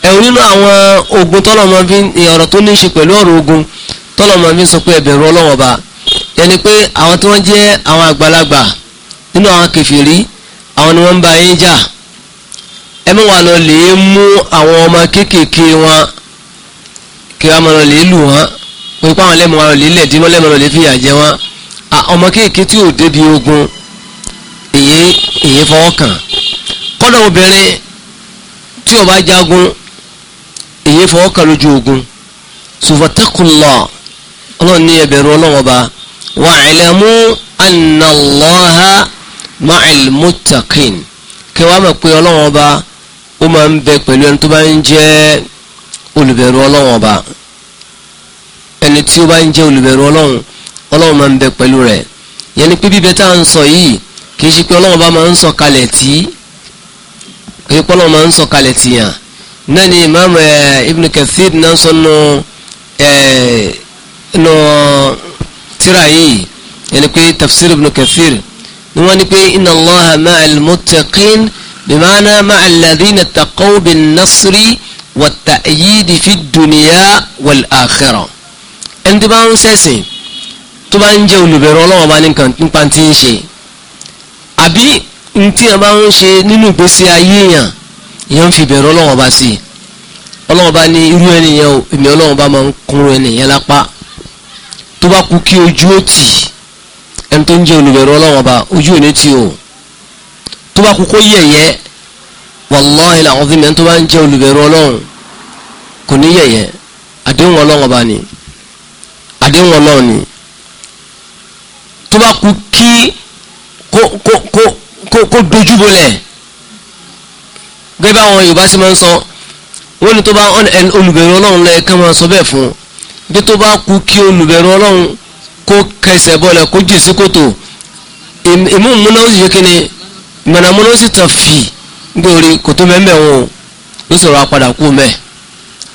ẹ̀rù nínú àwọn ogun tọ́lọ́mọ bí ọ̀rọ̀ tó ní í ṣe pẹ̀lú ọ̀rọ̀ ogun tọ́lọ́mọ bí sọ pé ẹ bẹ̀rù ọlọ́run ọba yẹni pé àwọn tí wọ́n jẹ́ àwọn àgbàlagbà nínú àwọn kèfèrí àwọn ni wọ́n ń bá yín jà ẹ mú wa lọ lè mú àwọn ọmọ kéékèèké wọn kí wọ́n máa lè lù wọ́n pé ipá wọn lẹ́mọ̀ ọ̀rọ̀ lílẹ̀ dínú lẹ́mọ̀ ọ̀rọ̀ lè fìyà jẹ wọn ọmọ kéèké tí ò débi ogun èyí èyí fọwọ́ kàn kọ́dọ̀ obìnrin tí ó bá jagun èyí fọwọ́ kàn lójú ogun sùfọ̀tẹ́kùlọ̀ ọlọ́run ní ẹbẹ̀rún ọlọ́run ọba wà ẹ̀lẹ́mú anàlọ́ha ma'al-muttaqin kẹwàá mọ̀ pé ọlọ́run ọba ó máa ń bẹ pẹ̀lú ẹni tó bá ń jẹ́ olùbẹ̀rù ọlọ́run ọba ẹni tí ó bá ń jẹ́ olùbẹ̀rù ọlọ́run ọlọ́run máa ń bẹ pẹ̀lú rẹ̀ yẹn ni pé bíbẹ tá à ń sọ yìí kì í ṣe pé ọlọ́run bá máa ń sọ kalẹ̀ tí kì í pé ọlọ́run máa ń sọ kalẹ̀ tì yàn náà ni imam eh, ibn kathir náà sọ nù nù tíra yìí yẹn ni pé tafsir ibn kathir ni wọ́n ní pé inna allaha ma'al muttaqin bimaana ma'al ladhina taqaw bin nasri wa ta'yidi fi dunya wal akhirah ẹni tó bá ń sẹ̀sìn tó bá ń jẹ́ olùbẹ̀rù ọlọ́wọ́n bá nìkan nípa ti ń ṣe àbí ní tí yẹn bá ń ṣe nínú ìgbésí ayé yẹn ìyẹn ń fi bẹ̀rù ọlọ́wọ́n bá sí i ọlọ́wọ́n bá ní irú ẹnìyẹn o èmi ọlọ́wọ́n bá máa ń kúnrò ẹnìyẹn lápá tó bá kú kí ojú ó tì ẹni tó ń jẹ́ olùbẹ̀rù ọlọ́wọ́n bá ojú ò ní tì o tó bá kú kó yẹ̀yẹ́ wàláhì làwọn tó bá ń jẹ́ olùbẹ̀rù ọlọ́wọ́n kò ní yẹ̀yẹ́ àdéhùn ọlọ́wọ́n bá ni àdéhùn ọlọ́run ni tó bá kú kí kó kó kó kó kó dojúbolẹ̀ gẹ́gẹ́ báwọn yorùbá sì máa ń sọ wọ́n ní tó bá olùbẹ̀rù ọlọ́run lọ ẹ̀ka máa sọ bẹ́ẹ̀ fún bí tó bá kú kí olùbẹ̀rù ọlọ́run kó kẹsẹ̀ bọ́lẹ̀ kó jì sí kòtò ìmú múná ó sì yé kíni mọ̀nàmúná ó sì tàn fì gbòòrè kòtò mẹ́mẹ́ wọn ó sì rọra kú mẹ́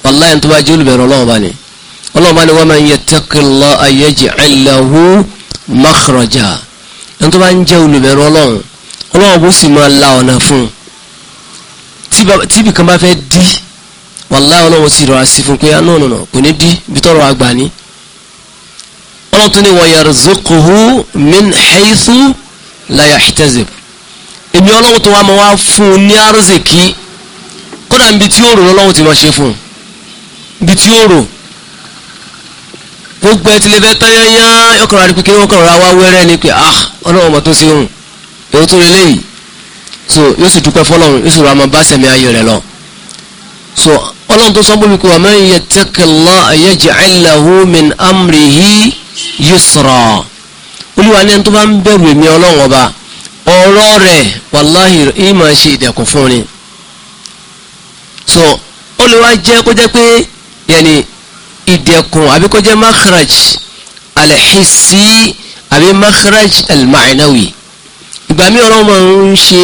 wàláyé tó bá jẹ́ olùbẹ̀rù ọlọ́run bá ní ọlọ́run bá ní wa man yattaqillaha yaj'al lahu makhraja ẹni tó bá ń jẹ́ olùbẹ̀rù ọlọ́run ọlọ́run bó sì máa la ọ̀nà fún un tí ibìkan bá fẹ́ dí wàláhí ọlọ́run sì rọra sí fún pé àná ah, ọ̀nà kò ní dí ibi tọ́rọ àgbà ni ọlọ́run tó ní wa yarzuquhu min haythu la yahtasib èmi ọlọ́run tó wá máa wá fún un ní àrùsìkì kódà níbi tí ó rò lọ́wọ́ ti máa ṣe fún un níbi tí ó rò gbogbo ẹ ti lè fẹ́ tán yányá ọkọ̀rọ̀ àdìpé kí wọ́n kọ̀rọ̀ ra wá wẹ́rẹ́ ni pé ah ọlọ́wọ́ mọ̀ tó sí òun èyí tó lélẹ́ yìí so yóò sì dúpẹ́ fọlọ́run yóò sì rọ àmọ́ bá sẹ̀mí ayé rẹ̀ lọ. so ọlọ́run tó sọ bóbi kò man yattaqillaha yaj'al lahu min amrihi yusra olúwa ní ẹni tó bá ń bẹ̀rù èmi ọlọ́run ọba ọ̀rọ̀ rẹ̀ wàláhì ìmọ̀ ṣe ìdẹ̀kùn fún ni. so olúwa jẹ́ kó jẹ́ pé yẹni ìdẹ̀kùn àbí kó jẹ́ makhraj alhissi àbí makhraj almaanawi ìgbà mi ọ̀rọ̀ máa ń ṣe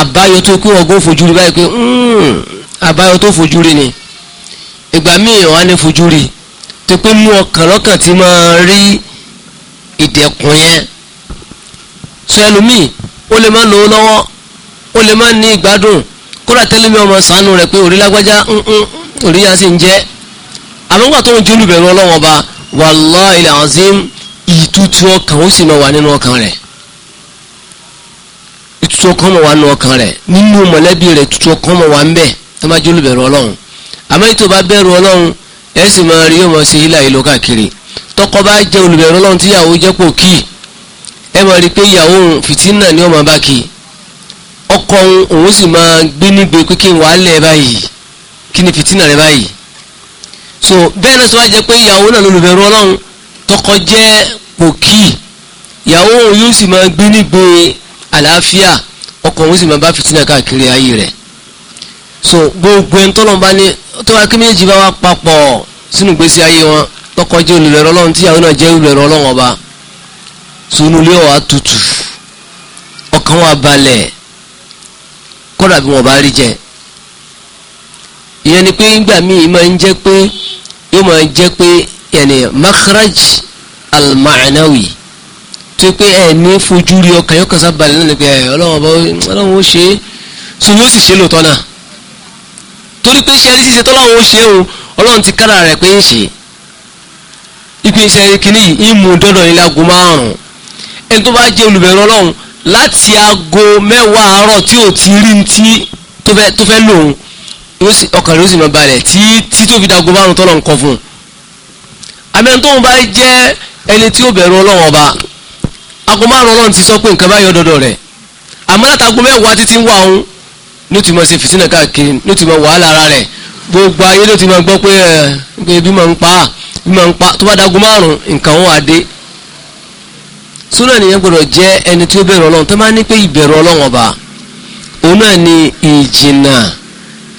àbáyọ tó kí wọ́n gbọ́ fojú rí báyìí pé hmm, àbáyọ tó fojú rí ni ìgbà mi ọ̀hán ni fojú rí tó pé mú ọkàn lọ́kàn tí máa rí ìdẹ̀kùn yẹn sọ ẹlòmíì ó lè má lówó lọ́wọ́ ó lè má ní ìgbádùn kódà tẹ́lẹ̀mí ọmọ sànú rẹ̀ pé orí lágbájá hmm, hmm, sì ń jẹ́ àmọ́gbà tó ń jólù bẹ̀rù ọlọ́wọ́n ọba wallahi alazim ìtútù ọkàn ó sì máa wà nínú ọkàn rẹ̀ ìtútù ọkàn máa wà nínú ọkàn rẹ̀ nínú mọ̀lẹ́bí rẹ̀ ìtútù ọkàn máa wà ń bẹ̀ tó bá jólù bẹ̀rù ọlọ́run àmọ́ ètò bá bẹ̀rù ọlọ́run ẹ̀ sì máa rí ọmọ sí ilà ìlú káàkiri tọkọ bá jẹ́ olùbẹ̀rù ọlọ́run tíyàwó jẹ́ pò kíì ẹ máa rí i pé ìyàwó fìtínà ni ọmọ bá kí ọkọ òun sì máa gbé nígbe pé kí n wàá lẹ̀ báyìí kí ni fìtínà rẹ báyìí so bẹ́ẹ̀ náà tó bá jẹ́ pé ìyàwó náà lólùbẹ̀rù ọlọ́run tọkọ jẹ́ pòkì ìyàwó òun yóò sì máa gbé nígbè àlàáfíà ọkọ òun sì máa bá fìtínà káàkiri ayé rẹ̀ so gbogbo ẹni tọ́lọ̀ bá ní tó bá kí méjì bá wà papọ̀ sínú ìgbésí ayé wọn tọkọ jẹ́ olùbẹ̀rù ọlọ́run tíyàwó náà jẹ́ olùbẹ̀rù ọlọ́run ọba sunulé ọ̀ àtutù ọkàn wa balẹ̀ kódà bí wọn bá rí jẹ ìyẹn ni pé ńgbà míì máa ń jẹ́ pé yóò máa jẹ́ pé yẹnì makhraj al-ma'nawi tó pé ẹ ní fojú rí ọkàn yóò kàn sábàlẹ̀ náà ni pé ẹ eh, ọlọ́wọ́n bá ọlọ́wọ́n ó ṣe é so yóò sì ṣe lóòótọ́ náà torí pé ṣe é ṣíṣe tọ́lọ́wọ́n ó ṣe é o ọlọ́run ti kára rẹ̀ pé ń ṣe ìpín iṣẹ́ kìíní yìí ìmú dọ́dọ̀ ní láago márùn ẹni tó bá jẹ́ olùbẹ̀rù ọlọ́run láti aago mẹ́wàá àárọ̀ tí ò ti rí ti tó fẹ́ lòun ọkàn rẹ̀ ó sì máa balẹ̀ tí tí tó fi dago márùn tọ́lọ̀ ń kọ fún un abẹ́ni tóun bá jẹ́ ẹni tí ó bẹ̀rù ọlọ́wọ́n ọba ago márùn ọlọ́run ti sọ pé nǹkan báyọ̀ dọ́dọ̀ rẹ̀ àmọ́ látago mẹ́wàá títí ń wà òun ní ó ti máa ṣe fìtínà káàkiri ní ó ti máa wàhálà ara rẹ̀ gbogbo ayé ló ti máa gbọ́ pé ẹ bí máa ń pa bí máa ń pa tó bá dago márùn nǹkan wọn àdé súnà nìyẹn gbọdọ̀ jẹ́ ẹni tí ó bẹ̀rù ọlọ́run tó máa ní pé ìbẹ̀rù ọlọ́run ọba òun náà ni ìjìnà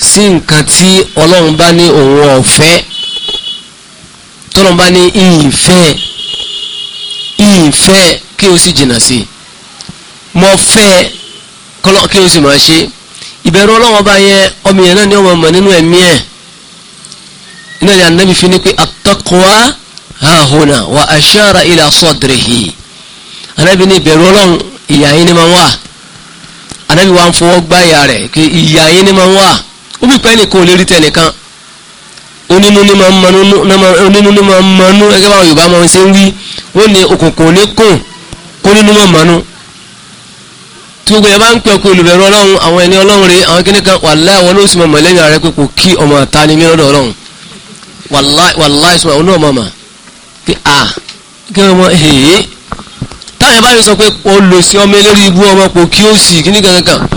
sí nǹkan tí ọlọ́run bá ní òun ọ̀fẹ́ tọ́lọ́run bá ní ìfẹ́ ìfẹ́ kí o sì jìnnà sí mọ fẹ́ kọ́lọ́ kí o sì máa ṣe ìbẹ̀rù ọlọ́run bá yẹ ọmọ yẹn náà ní ọmọ ọmọ nínú ẹ̀mí ẹ̀ iná ni anabi fi ni pé at-taqwa hahuna wa ashara ila sadrihi anabi ní ìbẹ̀rù ọlọ́run ìyá yín ni máa wà anabi wa ń fọwọ́ gbá ìyá rẹ̀ kí ìyá yín ni máa wà ó bí pẹ́ nìkan ò lè rí tẹnìkan onínú ní máa ń mọnú onínú ní máa ń mọnú ẹgbẹ́ báwọn Yorùbá máa ń ṣe ń wí wọ́n ní òkùnkùn ní kùn kó nínú máa mọnú tí gbogbo yẹn bá ń pẹ́ kó olùbẹ̀rù Ọlọ́run àwọn ẹni Ọlọ́run rè àwọn kíní kan wàláì àwọn olóòsì mọ̀mọ́ lẹ́yìn ààrẹ pé kò kí ọmọ àta ni mí lọ́dọ̀ Ọlọ́run wàláì wàláì sọ àwọn ọmọ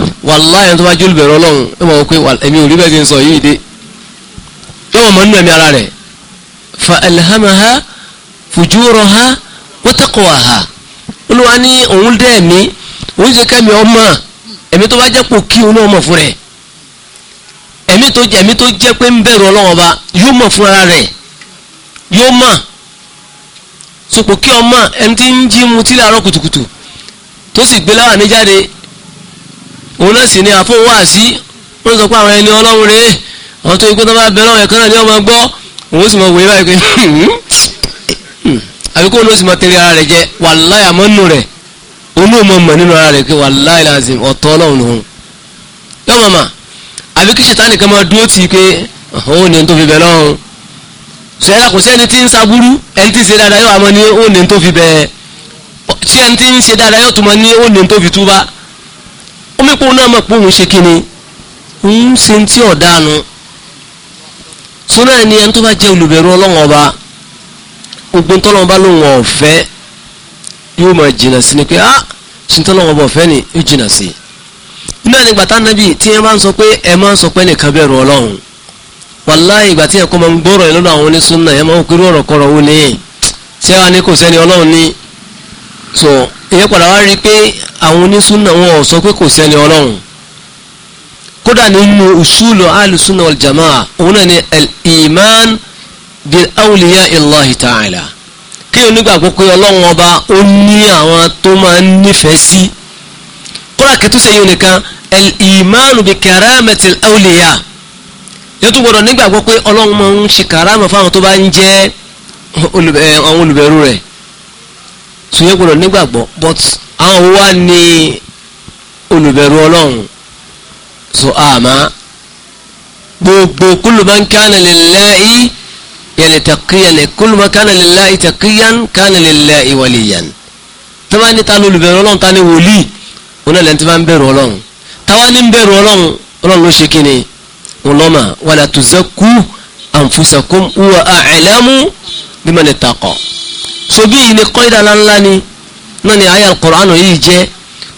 mà wàláyé tó bá jólù bẹ̀rẹ̀ ọlọ́run ẹ máa wọ pé ẹ̀mí ò rí bẹ́ẹ̀ ti ń sọ yìí dé yóò mọ̀ nínú ẹ̀mí ara rẹ̀ fa alhamaha fujuraha wa taqwaha olúwa ní òun dẹ́ ẹ̀mí òun ṣe kẹ́mi ọmọ ẹ̀mí tó bá jẹ́ pò kí olú ọmọ fún rẹ̀ ẹ̀mí tó jẹ́ ẹ̀mí tó jẹ́ pé ń bẹ̀rù ọlọ́run ọba yóò mọ̀ fúnra rẹ̀ yóò mọ̀ sopò kí ọmọ ẹni tí ń jí mu tí láàárọ̀ kùtùkùtù tó sì gbé ní jáde òun náà sì ni àfóhùn wà sí wọ́n sọ pé àwọn ẹni ọlọ́run rèé àwọn tó yẹ pé tó bá bẹ̀rẹ̀ ọ̀rẹ́ kan náà ni ọmọ gbọ́ òun sì mọ wòye báyìí pé hmm, hmm. àbí kó ló sì mọ tẹ̀lé ara rẹ̀ jẹ wàláì àmọ́nù rẹ̀ òun mọ mọ̀ nínú ara rẹ̀ pé wàláì làzìm ọ̀tọ̀ ọlọ́run lòun yọ màmá àbí kí ṣètánì kan máa dúró tì í pé òun ni tó fi bẹ̀ lọ́run sọ yẹn kò sí ẹni tí ń saburú ẹni tí ń ṣe dáadáa yóò àmọ́ ni òun ni tó fi bẹ̀ tí ẹni tí ń ṣe dáadáa yóò tún mọ ni òun ni tó fi túbá ó mẹ́pọ̀ náà mọ̀ pé òun ṣe kí ni òun ṣe tí ọ̀dáànù sọ́nà ẹni ẹni tó bá jẹ́ olùbẹ̀rù ọlọ́wọ́n ọba ogun tọ́lọ́wọ́n bá lòun ọ̀fẹ́ yóò máa jìnà sí ni pé ah ṣe tọ́lọ́wọ́n ọba ọ̀fẹ́ ni yóò jìnà sí inú ẹni gbàtà nàbì tí ẹ máa ń sọ pé ẹ máa ń sọ pé nìkan bẹ̀rù ọlọ́run wàláì ìgbà tí ẹ̀kọ́ máa ń gbọ́rọ̀ ẹ̀ lọ́dọ̀ àwọn oníṣúná ẹ máa ń kúrú ọ̀rọ̀ kọ̀rọ̀ wọlé tí ẹ ní kò sẹ́ni ọlọ́run ní so ìyẹn padà wá rí i pé àwọn onísúnà wọn ò sọ pé kò sẹ́ni ọlọ́run kódà nínú usulu alùsúnà aljamaa òun náà ni al-iman bi awliya illahi ta'ala kí onígbàgbọ́ pé ọlọ́run ọba ó ní àwọn tó máa ń nífẹ̀ẹ́ sí kódà kẹtù sẹ́yìn nìkan al-iman bi karamati al-awliya yóò tún gbọdọ̀ nígbàgbọ́ pé ọlọ́run máa ń ṣe karama fáwọn tó bá ń jẹ́ olùbẹ̀rù rẹ̀ tùyẹ́ gbọ́dọ̀ nígbàgbọ́ but àwọn wo wá ní olùbẹ̀rù ọlọ́run so àmà gbogbo kullu man kana lillahi yẹni takiyan kullu man kana lillahi takiyan kana lillahi waliyan tọ́ba ní ta ni olùbẹ̀rù ọlọ́run wòlíì wọn lẹ́nu tí bẹ̀rù ọlọ́run táwa ní bẹ̀rù ọlọ́run ọlọ́run ló ṣe kíni ńlọ́mà wala tuzakku anfusakum huwa a'lamu biman ittaqa. Sobi bí ilé kọ́ídà ńláńlá ni náà ni àyà Al-Qur'an yìí jẹ́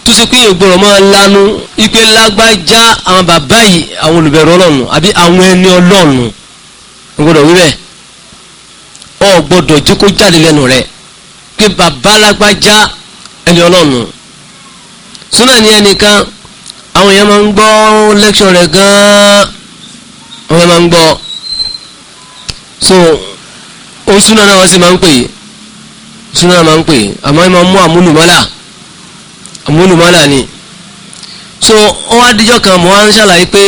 tó ṣe pé ìgbọ̀rọ̀ máa lanu ipe lágbájá àwọn bàbá yìí àwọn olùbẹ̀rù ọlọ́run àbí àwọn ẹni ọlọ́run gbọdọ̀ wí ọ gbọdọ̀ jẹ́ kó jáde lẹ́nu rẹ̀ pé bàbá lágbájá ẹni ọlọ́run súnà ni ẹnìkan àwọn èèyàn máa ń gbọ́ lẹ́kṣọ̀ rẹ̀ gan-an àwọn èèyàn máa ń gbọ́ so ó súnà náà wọ́n sì máa ń pè é súnà máa ń pè àmọ́ ẹ máa mú àmúlùmọ́là àmúlùmọ́là ni so wọn wá díjọ kan mọ wọn ṣàlàyé pé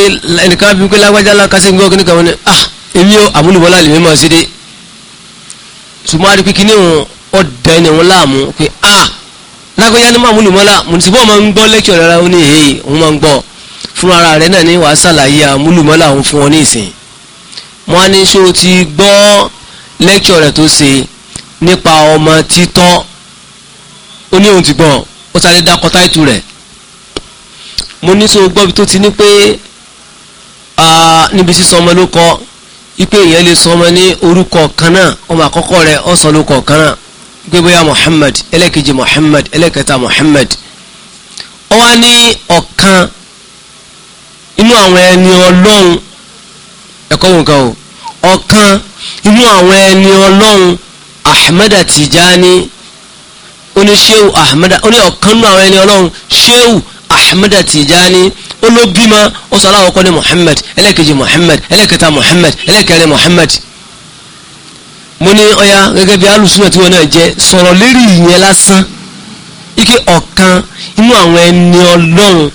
ẹnìkan bí pé lágbájá lákàṣẹ ń gbọ́ kí nìkan wọn ni ah èmi ò àmúlùmọ́là lèmi máa ṣe dé ṣùgbọ́n a rí pé kíní òun ọ̀dà ẹni òun láàmú pé ah lágbájá ni máa múlùmọ́là mùtìbọ́ máa ń gbọ́ lẹ́kìọ̀ rárá ó ní èyí òun máa ń gbọ́ fún ara rẹ̀ náà ní wàá ṣàlàyé àmúlùmọ́là òun fún ọ ní ìsìn wọn á ní ṣé ti gbọ́ lẹ́kìọ̀ rẹ̀ tó ṣe nípa ọmọ títọ́ ó ní òun ti gbọ́n ó sáré dákọ táìtù rẹ̀ mo ní sọ gbọ́bi tó ti ní pé níbi sísọ ọmọ ló kọ ipe èèyàn lè sọ ọmọ ní orúkọ kan ọmọ àkọ́kọ́ rẹ̀ ọ̀sán ló kọ kan gbé bóyá Muhammad ẹlẹ́kejì Muhammad ẹlẹ́kẹta Muhammad ó wá ní ọ̀kan inú àwọn ẹni ọlọ́run ẹ̀kọ́ wọn kan o ọ̀kan inú àwọn ẹni ọlọ́run ahmed tijani oní sheu ahmed oní ọ̀kan nínú àwọn ẹni ọlọ́run sheu ahmed tijani olóbímọ ọsọ aláwọ̀kọ́ ní muhammed ẹlẹ́kejì muhammed ẹlẹ́kẹta muhammed ẹlẹ́kẹrin muhammed mo ní ọya gẹ́gẹ́ bí alùsùnà tí wọn náà jẹ sọ̀rọ̀ lérí ìyẹn lásán ike ọ̀kan inú àwọn ẹni ọlọ́run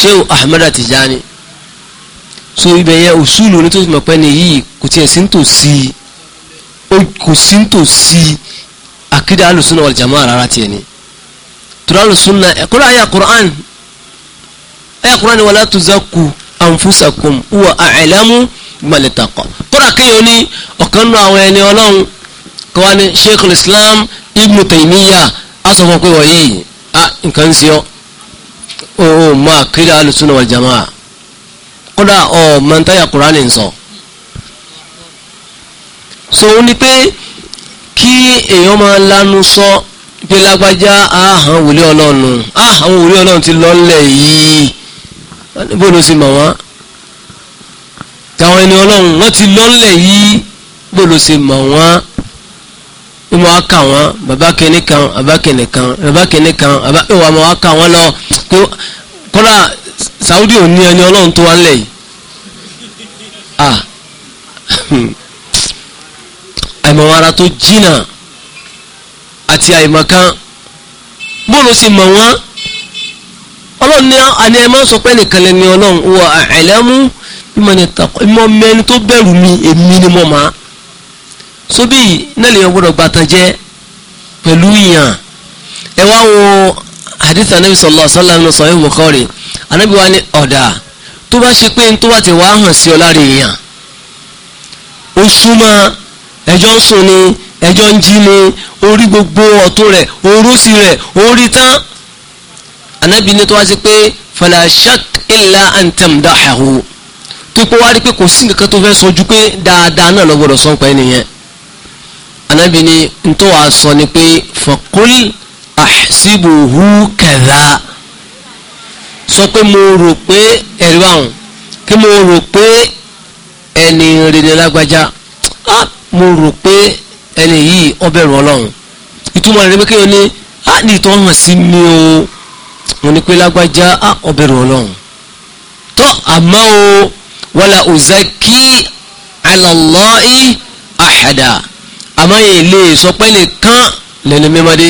sheu ahmed tijani so ibẹ̀ yẹ òṣùlù ní tó ni yìí kò tiẹ̀ sí ń tò sí kò sí nítòsí akida alùsùnà wal jamaa rárá tiẹ̀ ni tura alùsùnà ẹ̀kọ́ láyà Qur'an ẹ̀yà Qur'an wala tuzaku anfusakum huwa a'lamu bimanitaqa kódà kéèyàn ní ọ̀kan nù àwọn ẹni ọlọ́run kọ́ wa ní sheikhul islam Ibn taymiya asọ̀fọ̀ pé wọ̀nyí a nǹkan ń ṣe ọ́ o ò mọ akida alùsùnà wal jamaa ọ̀ mọ̀ntàyà Qur'an ń so ó ní pé kí èèyàn máa lanu sọ pé lágbájá ah, àhàn wòlé ọlọ́run ah, àhàn wòlé ọlọ́run ti lọ́lẹ̀ yìí bó ló sì mọ̀ wọ́n táwọn ẹni ọlọ́run wọ́n ti lọ́lẹ̀ yìí bó ló sì mọ̀ wọ́n ní mo aka wọn baba kẹne kan baba kẹne kan baba kẹne kan baba ẹ wà mo aka wọn lọ kó kódà Saudi ò ní ẹni ọlọ́run tó wà ń lẹ̀ yìí ah <laughs> àìmọ̀wara tó jìnnà àti àìmọ̀kan bóòlù sì mọ̀ wọ́n ọlọ́run ní àní ẹ̀ máa ń sọ pé nìkan lẹ́ni ọlọ́run wọ àìlẹ́mú ìmọ̀ mẹ́ni tó bẹ̀rù mi èmi ni mo máa sóbì náà lèèyàn gbọ́dọ̀ gbàtàn jẹ́ pẹ̀lú ìyàn ẹ wá wo hadith anabi sallallahu alaihi wasallam sahih bukhari anabi wa ni ọ̀dà tó bá ṣe pé tó ti wá hàn sí ọ lára èèyàn ó súnmọ́ ẹjọ́ ń sùn ni ẹjọ́ ń jí ni orí gbogbo ọ̀tún rẹ̀ orúsì rẹ̀ orí tán anábì ní tó wá sí pé fala shak illa an tamdahu tó pé wá rí pé kò sí nǹkan tó fẹ́ sọ ju pé dáadáa náà lọ gbọ́dọ̀ sọ pé nìyẹn anábì ní tó wá sọ ni pé faqul ahsibuhu kadha sọ pé mo rò pé ẹ̀rí báwọn kí mo rò pé ẹni rere lágbájá ah mo rò pé ẹni yìí ó bẹ̀rù ọlọ́run ìtumọ̀ rẹ̀ ni pé kéèyàn ní á ní ìtọ́ hàn sí ni o mo ní pé lágbájá á ó bẹ̀rù ọlọ́run tọ́ àmọ́ o wàlà òzàkí alàlọ́ọ̀ì àhàdà àmọ́ yẹn lè sọ pé nìkan lẹ́nu mímọ́dé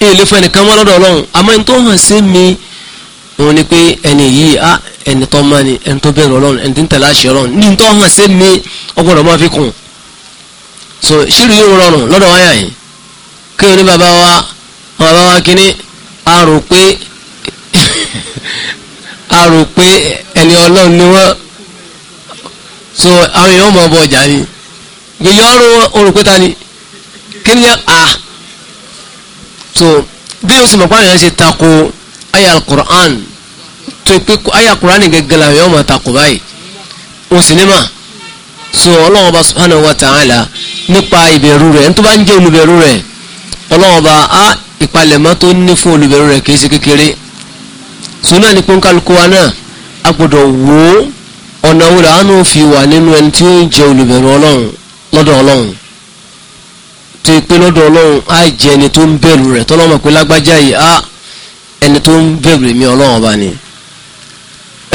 yẹn lè fún ẹnìkan mọ́ lọ́dọ̀ ọlọ́run àmọ́ ẹni hàn sí mi mo ní pé ẹni yìí á ẹni tó mọ́ ni ẹni tó bẹ̀rù ọlọ́run ẹni tó ń tẹ̀lé àṣẹ ọlọ́run ní tó hàn sí mi ọgbọ́dọ̀ máa fi kùn so ṣírí yóò rọrùn lọ́dọ̀ wáyà yìí kí oní bàbá wa bàbá wa kínní a rò pé <laughs> a rò pé ẹni ọlọ́run ni wọ́n so àwọn èèyàn mọ̀ ọbọ̀ ọjà ni gbèyẹ ọrùn orùpẹ́ta ni kí ni a so bí o sì mọ̀ pàrọ̀ yẹn ṣe tako aya al-Qur'an tó pé aya al-Qur'an gẹ́gẹ́ la yọ̀ ọ́ mọ̀ tako báyìí o sì ní mà so ọlọ́wọ́n bá subhanahu wa ta'ala nípa ìbẹ̀rù rẹ̀ nítorí ń jẹ́ olùbẹ̀rù rẹ̀ ọlọ́wọ́n bá á ìpalẹ̀mọ́ tó ní fún olùbẹ̀rù rẹ̀ kìí ṣe kékeré so náà ní pọ́nkálukú wa náà a gbọ́dọ̀ wò ó ọ̀nà wo làánú fi wà nínú ẹni tí ó jẹ́ olùbẹ̀rù ọlọ́run lọ́dọ̀ ọlọ́run tó yẹ pé lọ́dọ̀ ọlọ́run á jẹ́ ẹni tó ń bẹ̀rù rẹ̀ tọ́lọ́mọ̀ pé lágbájá yìí á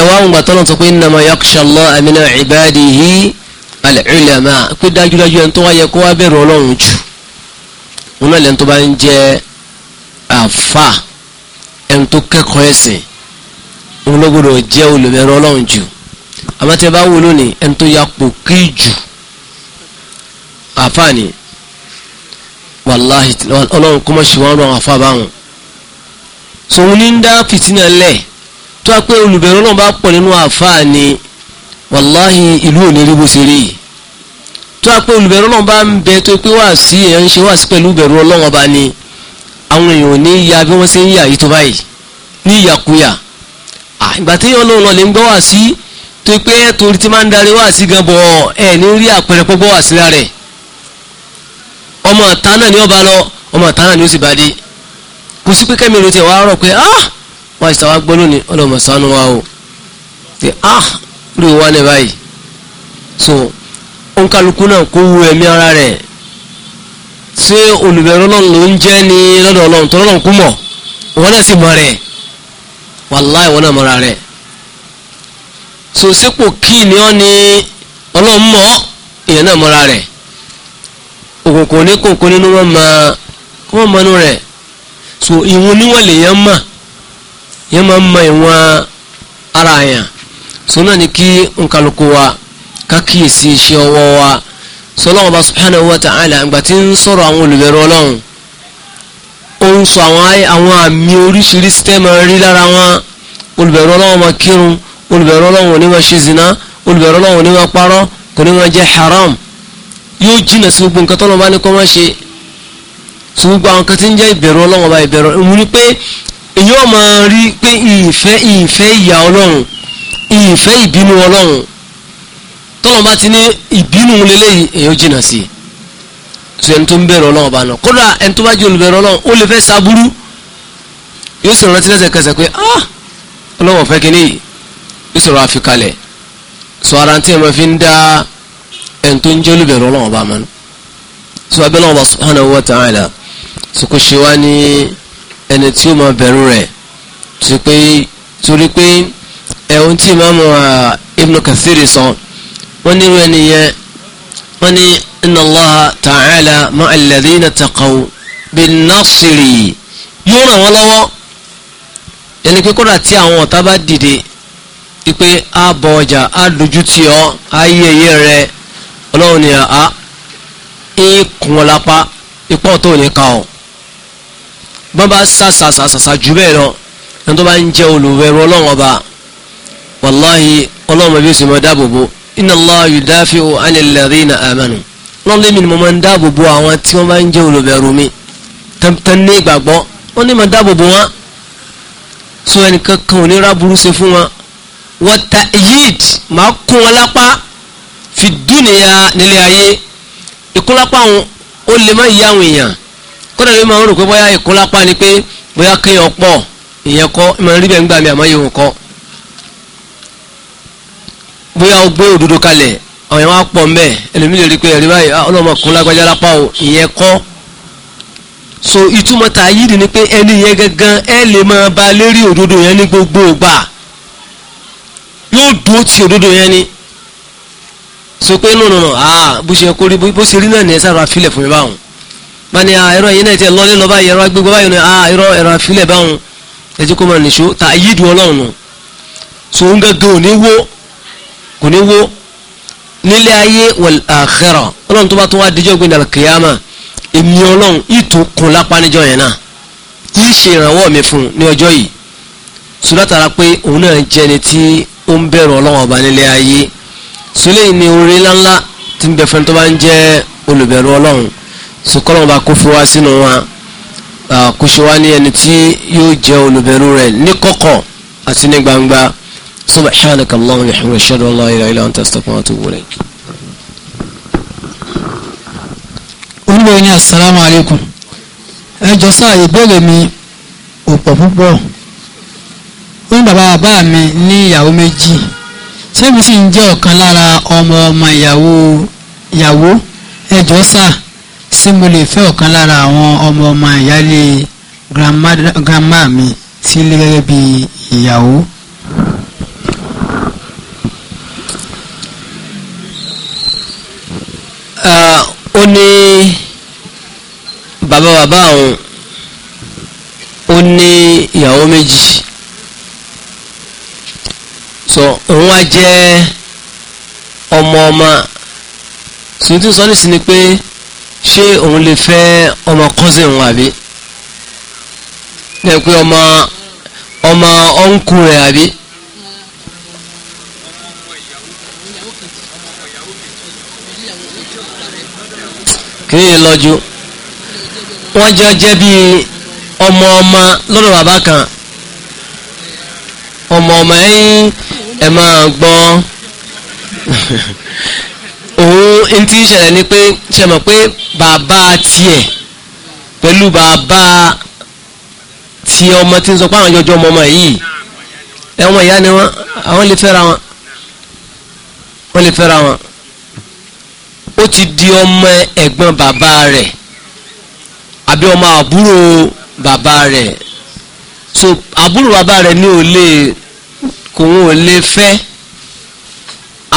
Allah min ibadihi al-ulama pé dájúdájú ẹni tó wá yẹ kó wá bẹ̀rù ọlọ́run jù wọn náà lẹ́nu tó bá ń jẹ́ àfa ẹni tó kẹ́kọ̀ọ́ ẹ̀sìn wọn ló gbọdọ̀ jẹ́ olùbẹ̀rù ọlọ́run jù àmọ́ tẹ́ bá wò lónìí ẹni tó ya pò kí jù àfa ni wàláhì ọlọ́run kọ́ mọ́ ṣe wọ́n rọ àfa báwọn sòun ní ń dá fìtínà lẹ̀ tó wá pé olùbẹ̀rù ọlọ́run bá pọ̀ nínú àfa ni. wàláhì ìlú ò ní rí bó ṣe rí tó a pé olùbẹ̀rù ọlọ́run bá ń bẹ tó pé wá sí ẹ̀ ń ṣe wá sí pẹ̀lú ìbẹ̀rù ọba ni àwọn èèyàn ò ya bí wọ́n ṣe ń yà yìí tó báyìí ní ìyàkuyà ìgbà tí yọ̀ lóun lọ́lẹ̀ ń gbọ́ wá sí tó pé torí ti máa ń darí wá sí gan bọ̀ ẹ̀ ní rí àpẹẹrẹ pọ́ gbọ́ wá sí rárẹ̀ ọmọ ni ọba lọ ọmọ ni rí o wálẹ̀ báyìí so òǹkàlùkù náà kó wu ẹ̀mí ara rẹ̀ ṣé olùbẹ̀rù ọlọ́run ló ń jẹ́ ní lọ́dọ̀ ọlọ́run tó lọ́run kú mọ̀ wọn náà sì mọ̀ rẹ̀ wàláì wọn náà mọ̀ra rẹ̀ so sípò kí ni ọ́ ni ọlọ́run mọ̀ èèyàn náà mọ̀ra rẹ̀ òkùnkùn oníkùnkùn nínú wọn mọ wọn mọnú rẹ̀ so ìwọn oníwọ̀n lèèyàn mọ̀ yẹn máa ń mọ ìwọn ara yẹn sọ́nà ni kí nkàlùkù wa ká kíyèsí iṣẹ́ ọwọ́ wa sọlọ́wọ́n bá subhanahu wa ta'ala àgbà tí ń sọ̀rọ̀ àwọn olùbẹ̀rù ọlọ́run ó ń sọ àwọn àwọn àmì oríṣiríṣi tẹ́ máa rí lára wọn olùbẹ̀rù ọlọ́run máa kírun olùbẹ̀rù ọlọ́run ní máa ṣe zina olùbẹ̀rù ọlọ́run ní máa parọ́ kò ní máa jẹ haram yóò jìnà sí gbogbo nǹkan tọ́lọ́ bá ní kó máa ṣe sí gbogbo àwọn kan tí ń jẹ́ ìbẹ̀rù ọlọ́run ọba ìbẹ̀rù ọmọ ni pé èyí ọ̀ máa rí pé ìfẹ́ ìfẹ́ ìyà ọlọ́run ìfẹ́ ìbínú ọlọ́run tọ́lọ́n bá ti ní ìbínú lélẹ́yìí èyàn jìnà sí i sọ ẹni tó ń bẹ̀rù ọlọ́run bá nà kódà ẹni tó bá jẹ́ olùbẹ̀rù ọlọ́run ó lè fẹ́ sábúrú yóò sì rántí lẹ́sẹ̀kẹsẹ̀ pé ah ọlọ́wọ́ fẹ́ kínní yìí yóò sọ̀rọ̀ àfikalẹ̀ sọ ara tí ẹ̀mọ́ fi ń dá ẹni tó ń jẹ́ olùbẹ̀rù ọlọ́run bá mọ́nu sọ abẹ́lẹ́ wọn bá ẹ̀hún tí ìmáàmù uh, Ibn Kathir sọ wọ́n nírú ẹni yẹn wọ́n ní inna Allaha ta'ala ma'a alladhina taqaw bin nasri yóò ràn wọ́n lọ́wọ́ ẹni pé kódà tí àwọn ọ̀tá bá dìde ipe a bọ̀ ọjà a dojú tì ọ́ a yí ẹyẹ rẹ ọlọ́run ni àá ìkùn ọ̀lápá ipò tó ní ka ọ́ bọ́n bá sàṣàṣàṣàṣà jù bẹ́ẹ̀ lọ ẹni tó bá ń jẹ́ olùwẹ̀rọ ọlọ́run ọba wàláhì ọlọ́run bí ó sì mọ dáàbò bò inna Allaha yudafi'u 'anil ladhina amanu ọlọ́run lèmi ni mo máa ń dáàbò bò àwọn tí wọ́n bá ń jẹ́ olùbẹ̀rù mi tẹ́ntẹ́n ní ìgbàgbọ́ wọ́n ní mo dáàbò bò wọ́n tó ẹnìkan kan ò ní ra burú ṣe fún wọn wa ta'yid máa kún wọn lápá fi dúnìyà nílé ayé ìkúnlápá wọn ó lè má yá àwọn èèyàn kódà ló máa ń rò pé bóyá ìkúnlápá ni pé bóyá kéèyàn pọ̀ ìyẹn kọ́ ìmọ̀ níbẹ̀ ń gbà mí àmọ́ yìí wọn kọ́ bóyá ó gbé òdodo kalẹ̀ àwọn yẹn wá pọ̀ mbẹ́ ẹlòmí lè rí pé ẹ̀rí báyìí ah, ọlọ́mọ kún lágbájá lápá o ìyẹn kọ́ so ìtumọ̀ ta yìí ni pé ẹni yẹn gangan ẹ lè máa ba lérí òdodo yẹn ní gbogbo ògbà yóò dúró ti òdodo yẹn ni so pé nù nù nù aa ah, bó ṣe kó rí bó ṣe rí náà ní ẹ sára filẹ̀ fún mi báwọn bani a ah, ẹ̀rọ yìí náà ti lọ́lé lọ́ba yìí ẹ̀rọ gbogbo báyìí a ẹ̀rọ ẹ̀rọ filẹ̀ báwọn ẹ̀jẹ̀ kó máa nìṣó ta yìí dùn ọlọ́run nù so ń gẹ́gẹ́ òní wó kò ní wó nílé ayé wal akhirah ọlọ́run tó bá tó wá dijọ́ gbé dàlù kìyàmà èmi ọlọ́run ìtò kun yẹn náà yìí ṣe ìrànwọ́ mi fún ní ọjọ́ yìí sùlátara pé òun náà jẹ́ ni tí ó ń bẹ̀rù ọlọ́run ọba nílé ayé sùlẹ́yìn ni orí ńláńlá tí ń bẹ fẹ́ni tó bá ń jẹ́ olùbẹ̀rù ọlọ́run sùkọ́lọ́run bá kó fún wa sínú wa kó ṣe wá ní ẹni tí yóò jẹ́ olùbẹ̀rù rẹ̀ ní kọ̀kọ̀ àti ní gbangba. سبحانك اللهم وبحمدك اشهد ان لا اله الا انت استغفرك واتوب اليك olùwẹ̀ ní asalaamu aleykum ẹ jọ sáà ìbéèrè mi ò pọ̀ púpọ̀ ó ní bàbá bàbá mi ní ìyàwó méjì ṣé mi sì ń jẹ́ ọ̀kan lára ọmọ ọmọ ìyàwó ìyàwó ẹ jọ sáà ṣé mo lè fẹ́ ọ̀kan lára àwọn ọmọ ọmọ ìyáálé grandma mi sílé gẹ́gẹ́ bí ìyàwó. ó ní bàbá bàbá àwọn ó ní ìyàwó méjì so òun á jẹ́ ọmọ ọmọ sùn tí ń sọ nísìnyí pé ṣé òun lè fẹ́ ọmọ cousin òun àbí ní pé ọmọ ọmọ ọ̀nkù rẹ̀ àbí. kìí yẹn lọ́jú wọ́n jọ jẹ́ bí ọmọ ọmọ lọ́dọ̀ bàbá kan ọmọ ọmọ ẹ̀yìn ẹ̀ máa gbọ́ <laughs> òun ti ń ṣẹlẹ̀ ni pé ṣe mọ̀ pé bàbá tiẹ̀ pẹ̀lú bàbá ti ọmọ tí ń sọ pé àwọn jọjọ ọmọ ọmọ yìí ẹ̀wọ̀n ìyá ni wọ́n àwọn lè fẹ́ra wọn wọ́n lè fẹ́ra wọn ó ti di ọmọ ẹ̀gbọ́n bàbá rẹ̀ àbí ọmọ àbúrò bàbá rẹ̀ so àbúrò bàbá rẹ̀ ní ò lè kò ń ò lè fẹ́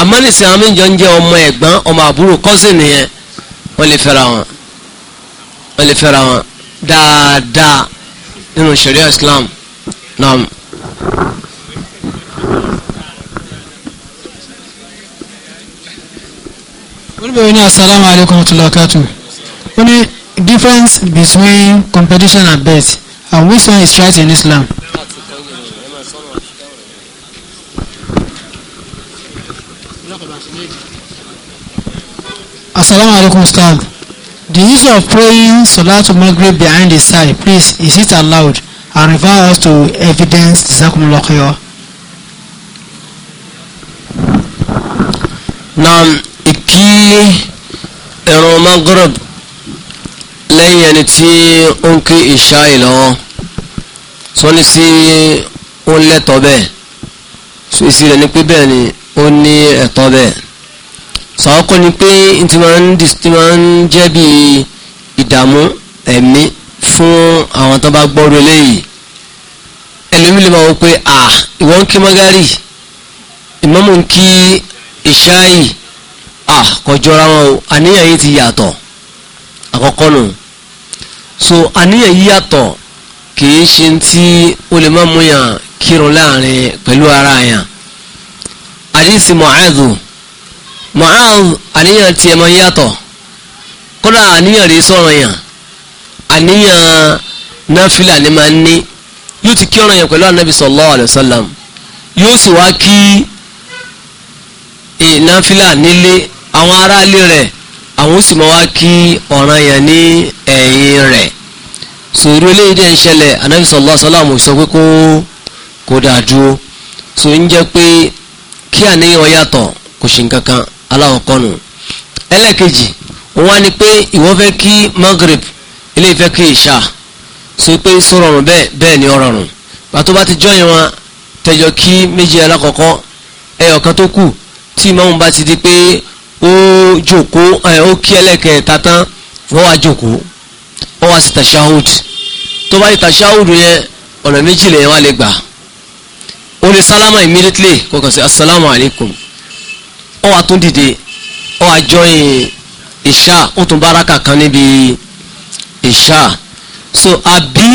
àmọ́ nísìnyí àwọn méjì ń jẹ́ ọmọ ẹ̀gbọ́n ọmọ àbúrò cousin nìyẹn wọ́n lè fẹ́ra wọn wọ́n lè fẹ́ra wọn dáadáa nínú sharia Islam naam. olùbẹ̀wò ní asalaamu alaykum wa rahmatulahi ó ní difference between competition and bet and which one is right in Islam. asalaamu alaykum ustaz the use of praying salatul maghrib behind the side please is it allowed and refer us to evidence jazakumullah khair. naam kí ẹ̀rùn maghrib lẹ́yìn ẹni tí ó ń kí ìṣá ìlọ́wọ́ tó ní sí ó ń lẹ́tọ̀ọ́ bẹ́ẹ̀ so èsì rẹ̀ ni pé bẹ́ẹ̀ ni ó ní ẹ̀tọ́ bẹ́ẹ̀ so àwọn kọ́ ni pé tí máa ń tí máa ń jẹ́ bí ìdààmú ẹ̀mí fún àwọn tó bá gbọ́rọ̀ eléyìí ẹlòmí lè máa wọ pé à ìwọ ń kí mọ́gárì ìmámù ń kí ìṣá yìí ah kọjọra wọn o àníyàn yìí ti yàtọ̀ àkọ́kọ́ nù so àníyàn yìí yàtọ̀ kìí ṣe tí ó lè má mú yàn kírun láàrin pẹ̀lú ara yàn àdìsí mọ̀áàdù mọ̀áàdù àníyàn tiẹ̀ máa yàtọ̀ kódà àníyàn rèé sọ̀rọ̀ yàn àníyàn náfìlà ni máa ń ní yóò ti kí ọ̀ràn yẹn pẹ̀lú anabi sallallahu alayhi sallam yóò sì wá kí eh, náfìlà nílé àwọn aráalé rẹ̀ àwọn ó sì mọ wá kí ọ̀ràn yẹn ní ẹ̀yìn rẹ̀ sòrí eléyìí dẹ́ ń ṣẹlẹ̀ anabi sallallahu alaihi wasallam sọ pé kó kó dáa dúró tó ń jẹ́ pé kí àníyàn yàtọ̀ kò ṣe nǹkan kan aláwọ̀kọ́ nù ẹlẹ́ẹ̀kejì wọ́n wá ní pé ìwọ fẹ́ kí Maghrib eléyìí fẹ́ kí ìṣá sọ pé sọ̀rọ̀rùn bẹ́ẹ̀ bẹ́ẹ̀ ni ọ̀rọ̀rùn pàtó bá ti jọyìn wọn tẹjọ kí méjì alákọ̀ọ́kọ́ ẹyọ̀kan tó kù tí ìmọ̀ọ́mù bá ti di pé ó jókòó ẹ̀ ó kí ẹlẹ́kẹ̀ẹ́ta tán wọ́n wá jókòó wọ́n wá sí tashahud tó bá di tashahud yẹn ọ̀nà méjì lèyàn wá lè gbà ó lè sálámà immediately kọkàn sí asalaamu alaykum ó wá tún dìde ó wá join ìṣá ó tún báraka kan níbi ìṣá so àbí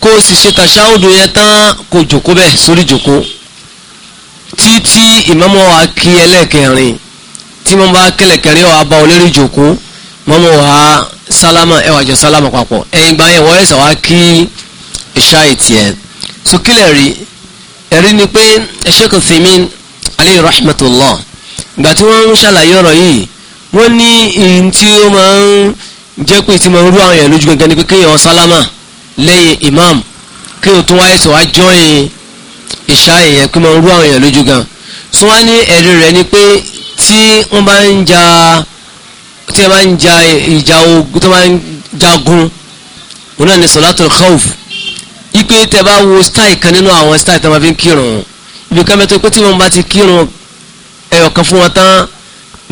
kó o sì ṣe tashahud yẹn tán kó jókòó bẹ́ẹ̀ sórí jókòó títí ìmáàmù wa kí ẹlẹ́kẹ̀rin tí mo bá kẹlẹ̀ kẹrin ọ̀ abá olórí ìjòkó mọ́mọ́ wá sálámà ẹwà jọ sálámà papọ̀ ẹ̀yìn gba yẹn wọ́n ẹ̀sà wá kí ìṣá ìtì ẹ̀ sùkílẹ̀ rí ẹ̀rí ni pé Sheikh Uthaymeen alayhi rahmatullah ìgbà tí wọ́n ń ṣàlàyé ọ̀rọ̀ yìí wọ́n ní ìyìn tí ó máa ń jẹ́ pé tí mo rú àwọn èèyàn lójú gangan ni pé kéèyàn sálámà lẹ́yìn imam kéèyàn tó wáyé sọ wá jọ́yìn ìṣá ìyẹn pé mo rú àwọn èèyàn lójú gan so wọ́n ní ẹ̀rí rẹ̀ ni pé tí wọ́n bá ń ja tí wọ́n bá ń ja ìjà ogun tó bá ń jagun òun náà ni sọ̀látùl khawf ipe tẹ bá wo style kan nínú àwọn style tó máa fi ń kírun ibi kan mẹ́tọ́ pé tí wọ́n bá ti kírun ẹyọ kan fún wọn tán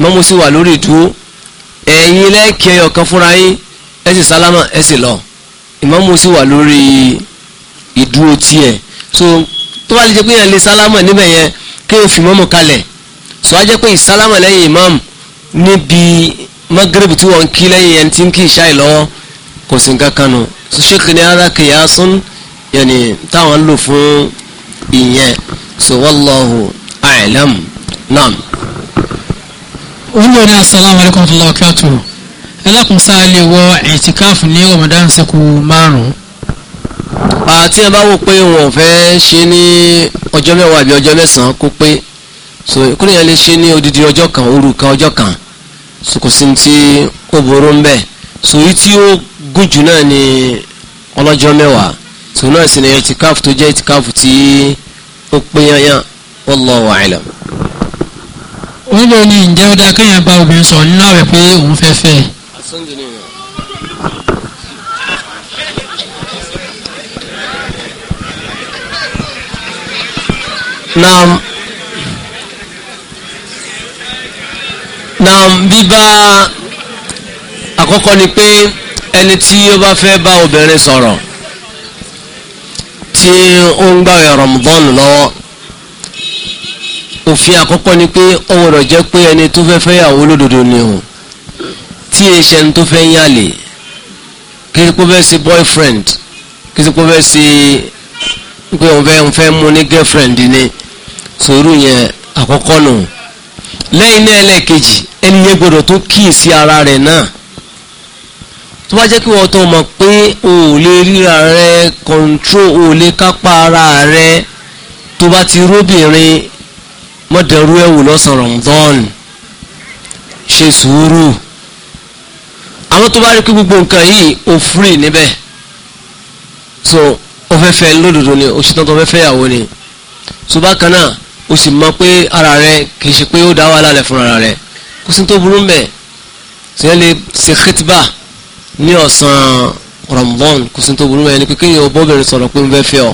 mọ́mú sí wà lórí ìdúró ẹ̀yin lẹ́ẹ̀kì ẹyọ fúnra yín ẹ sì sálámà ẹ sì lọ ìmọ̀mú sì wà lórí ìdúró tiẹ̀ so tó bá lè jẹ́ pé yẹn lè sálámà níbẹ̀ yẹn kí o fi mọ́mú kalẹ̀ so a jẹ́ pé ìsálámà lẹ́yìn imam níbi magrib tí wọ́n ń kí lẹ́yìn ẹni tí ń kí ìṣáì lọ́wọ́ kò sí nǹkan kan nù so sheikh ara kìyà sún yẹni táwọn ń lò fún ìyẹn so wallahu a'lam naam. olùwẹ̀ ní asalaamu alaykum wa rahmatulahi wa barakatuh ẹlẹ́kùn sáà lè wọ ẹ̀tìkáàfù ní ramadan sẹ́kù márùn-ún. àti ẹ bá wò pé wọn fẹ́ ṣe ní ọjọ́ mẹ́wàá àbí ọjọ́ mẹ́sàn-án kó pé so kúrò yẹn lè ṣe ní odidi ọjọ́ kan òru kan ọjọ́ kan so kò sí ní tí ó burú ń bẹ̀ so èyí tí ó gùn náà ni ọlọ́jọ́ mẹ́wàá so náà sì ni ẹtìkáfù tó jẹ́ ẹtìkáfù tí ó pé yányán wallahu a'lam. wọ́n lò ní ǹjẹ́ ó dáa kéèyàn bá obìnrin sọ̀rọ̀ nínú àwẹ̀ pé òun fẹ́ fẹ́ naam na bíbá àkọ́kọ́ ni pé ẹni tí ó bá fẹ́ bá obìnrin sọ̀rọ̀ tí ó ń gbàwé Ramadan lọ́wọ́ òfin àkọ́kọ́ ni pé ọ̀hún rẹ̀ jẹ́ pé ẹni tó fẹ́ fẹ́yàwó lódodo ni o tí iṣẹ́ e ni tó fẹ́ ń yàlè kí ló e fẹ́ ṣe boyfriend kí ló e fẹ́ ṣe pé òun fẹ́ mú ní girlfriend ni sòrú yẹn àkọ́kọ́ nù. No lẹ́yìn ní ẹlẹ́ẹ̀kejì ẹni yẹn gbọ́dọ̀ tó kíyèsí ara rẹ̀ náà tó bá jẹ́ kí wọ́n tó mọ̀ pé o ò lè ríra rẹ kọ̀ǹtró o ò lè kápá ara rẹ tó bá ti róbìnrin mọ́dẹ̀rú ẹ̀wù lọ́sàn Ramadan ṣe sùúrù àwọn tó bá rí kí gbogbo nǹkan yìí o fúrì níbẹ̀ so o fẹ́ fẹ́ lódodo ni o ṣetán tó fẹ́ fẹ́ yàwó ni so bákan náà o sì mọ pé ara rẹ kì í ṣe pé ó dá wàhálà lẹ fún ara rẹ kò sí tó burú mbẹ ṣe lè ṣe kẹtìbà ní ọ̀sán Ramadan kò sí tó burú mbẹ ẹni pé kéèyàn ó bọ́bẹ̀rẹ̀ pé ń fẹ́ fẹ́ ọ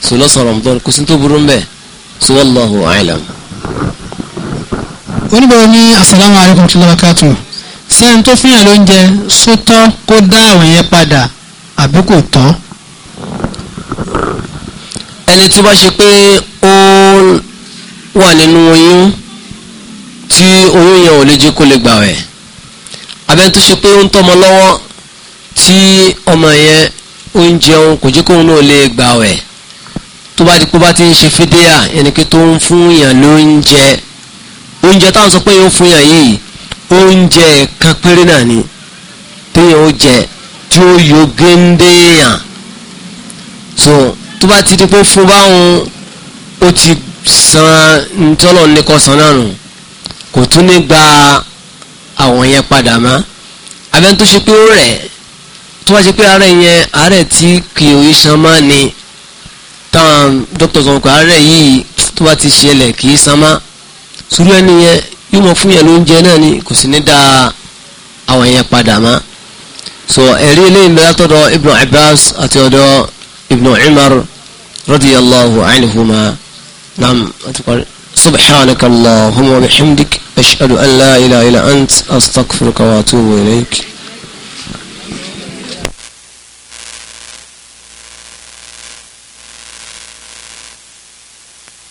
sọ lọ́sàn Ramadan kò sí tó burú mbẹ sọ wallahu a'lam. oníbẹ̀rẹ̀ ní asalaamu alaykum tí lọ́wọ́ káàtó sẹ́yìn tó fihàn lóúnjẹ sótọ́ kó dá àwẹ̀ yẹn padà àbí kò tọ́ ẹni tó bá ṣe pé ó wà nínú oyún tí oyún yẹn ò lè jẹ́ kó lè gbààwẹ̀ abẹ́ni tó ṣe pé ó ń tọ́mọ lọ́wọ́ tí ọmọ yẹn ó ń jẹun kò jẹ́ kóun náà lè gbààwẹ̀ tó bá di pé bá ti ń ṣe fídíà ẹni pé tó ń fún yàn lóúnjẹ oúnjẹ táwọn sọ pé yóò fún yàn yìí oúnjẹ kan péré náà ni téèyàn ó jẹ tí ó yọ géńdé yàn so tó bá ti di pé fún báwọn ó ti san ntọ́lọ̀ nìkan san náà nù kò tún ní gba àwọn yẹn padà mọ́ abẹ́ni tó ṣe pé ó rẹ̀ tó bá ṣe pé àárẹ̀ yẹn àárẹ̀ tí kì í san mọ́ ni táwọn dókítà sọ̀rọ̀ pé àárẹ̀ yìí tó bá ti ṣẹlẹ̀ kì í san mọ́ sùúrù ẹni yẹn yóò mọ fún yẹn lóúnjẹ náà ni kò sì ní dá àwọn yẹn padà mọ́ so ẹ̀rí eléyìí lọ́dọ̀ Ibn Abbas àti ọ̀dọ̀ ابن عمر رضي الله عنهما نعم سبحانك اللهم وبحمدك أشهد أن لا إله إلا أنت أستغفرك وأتوب إليك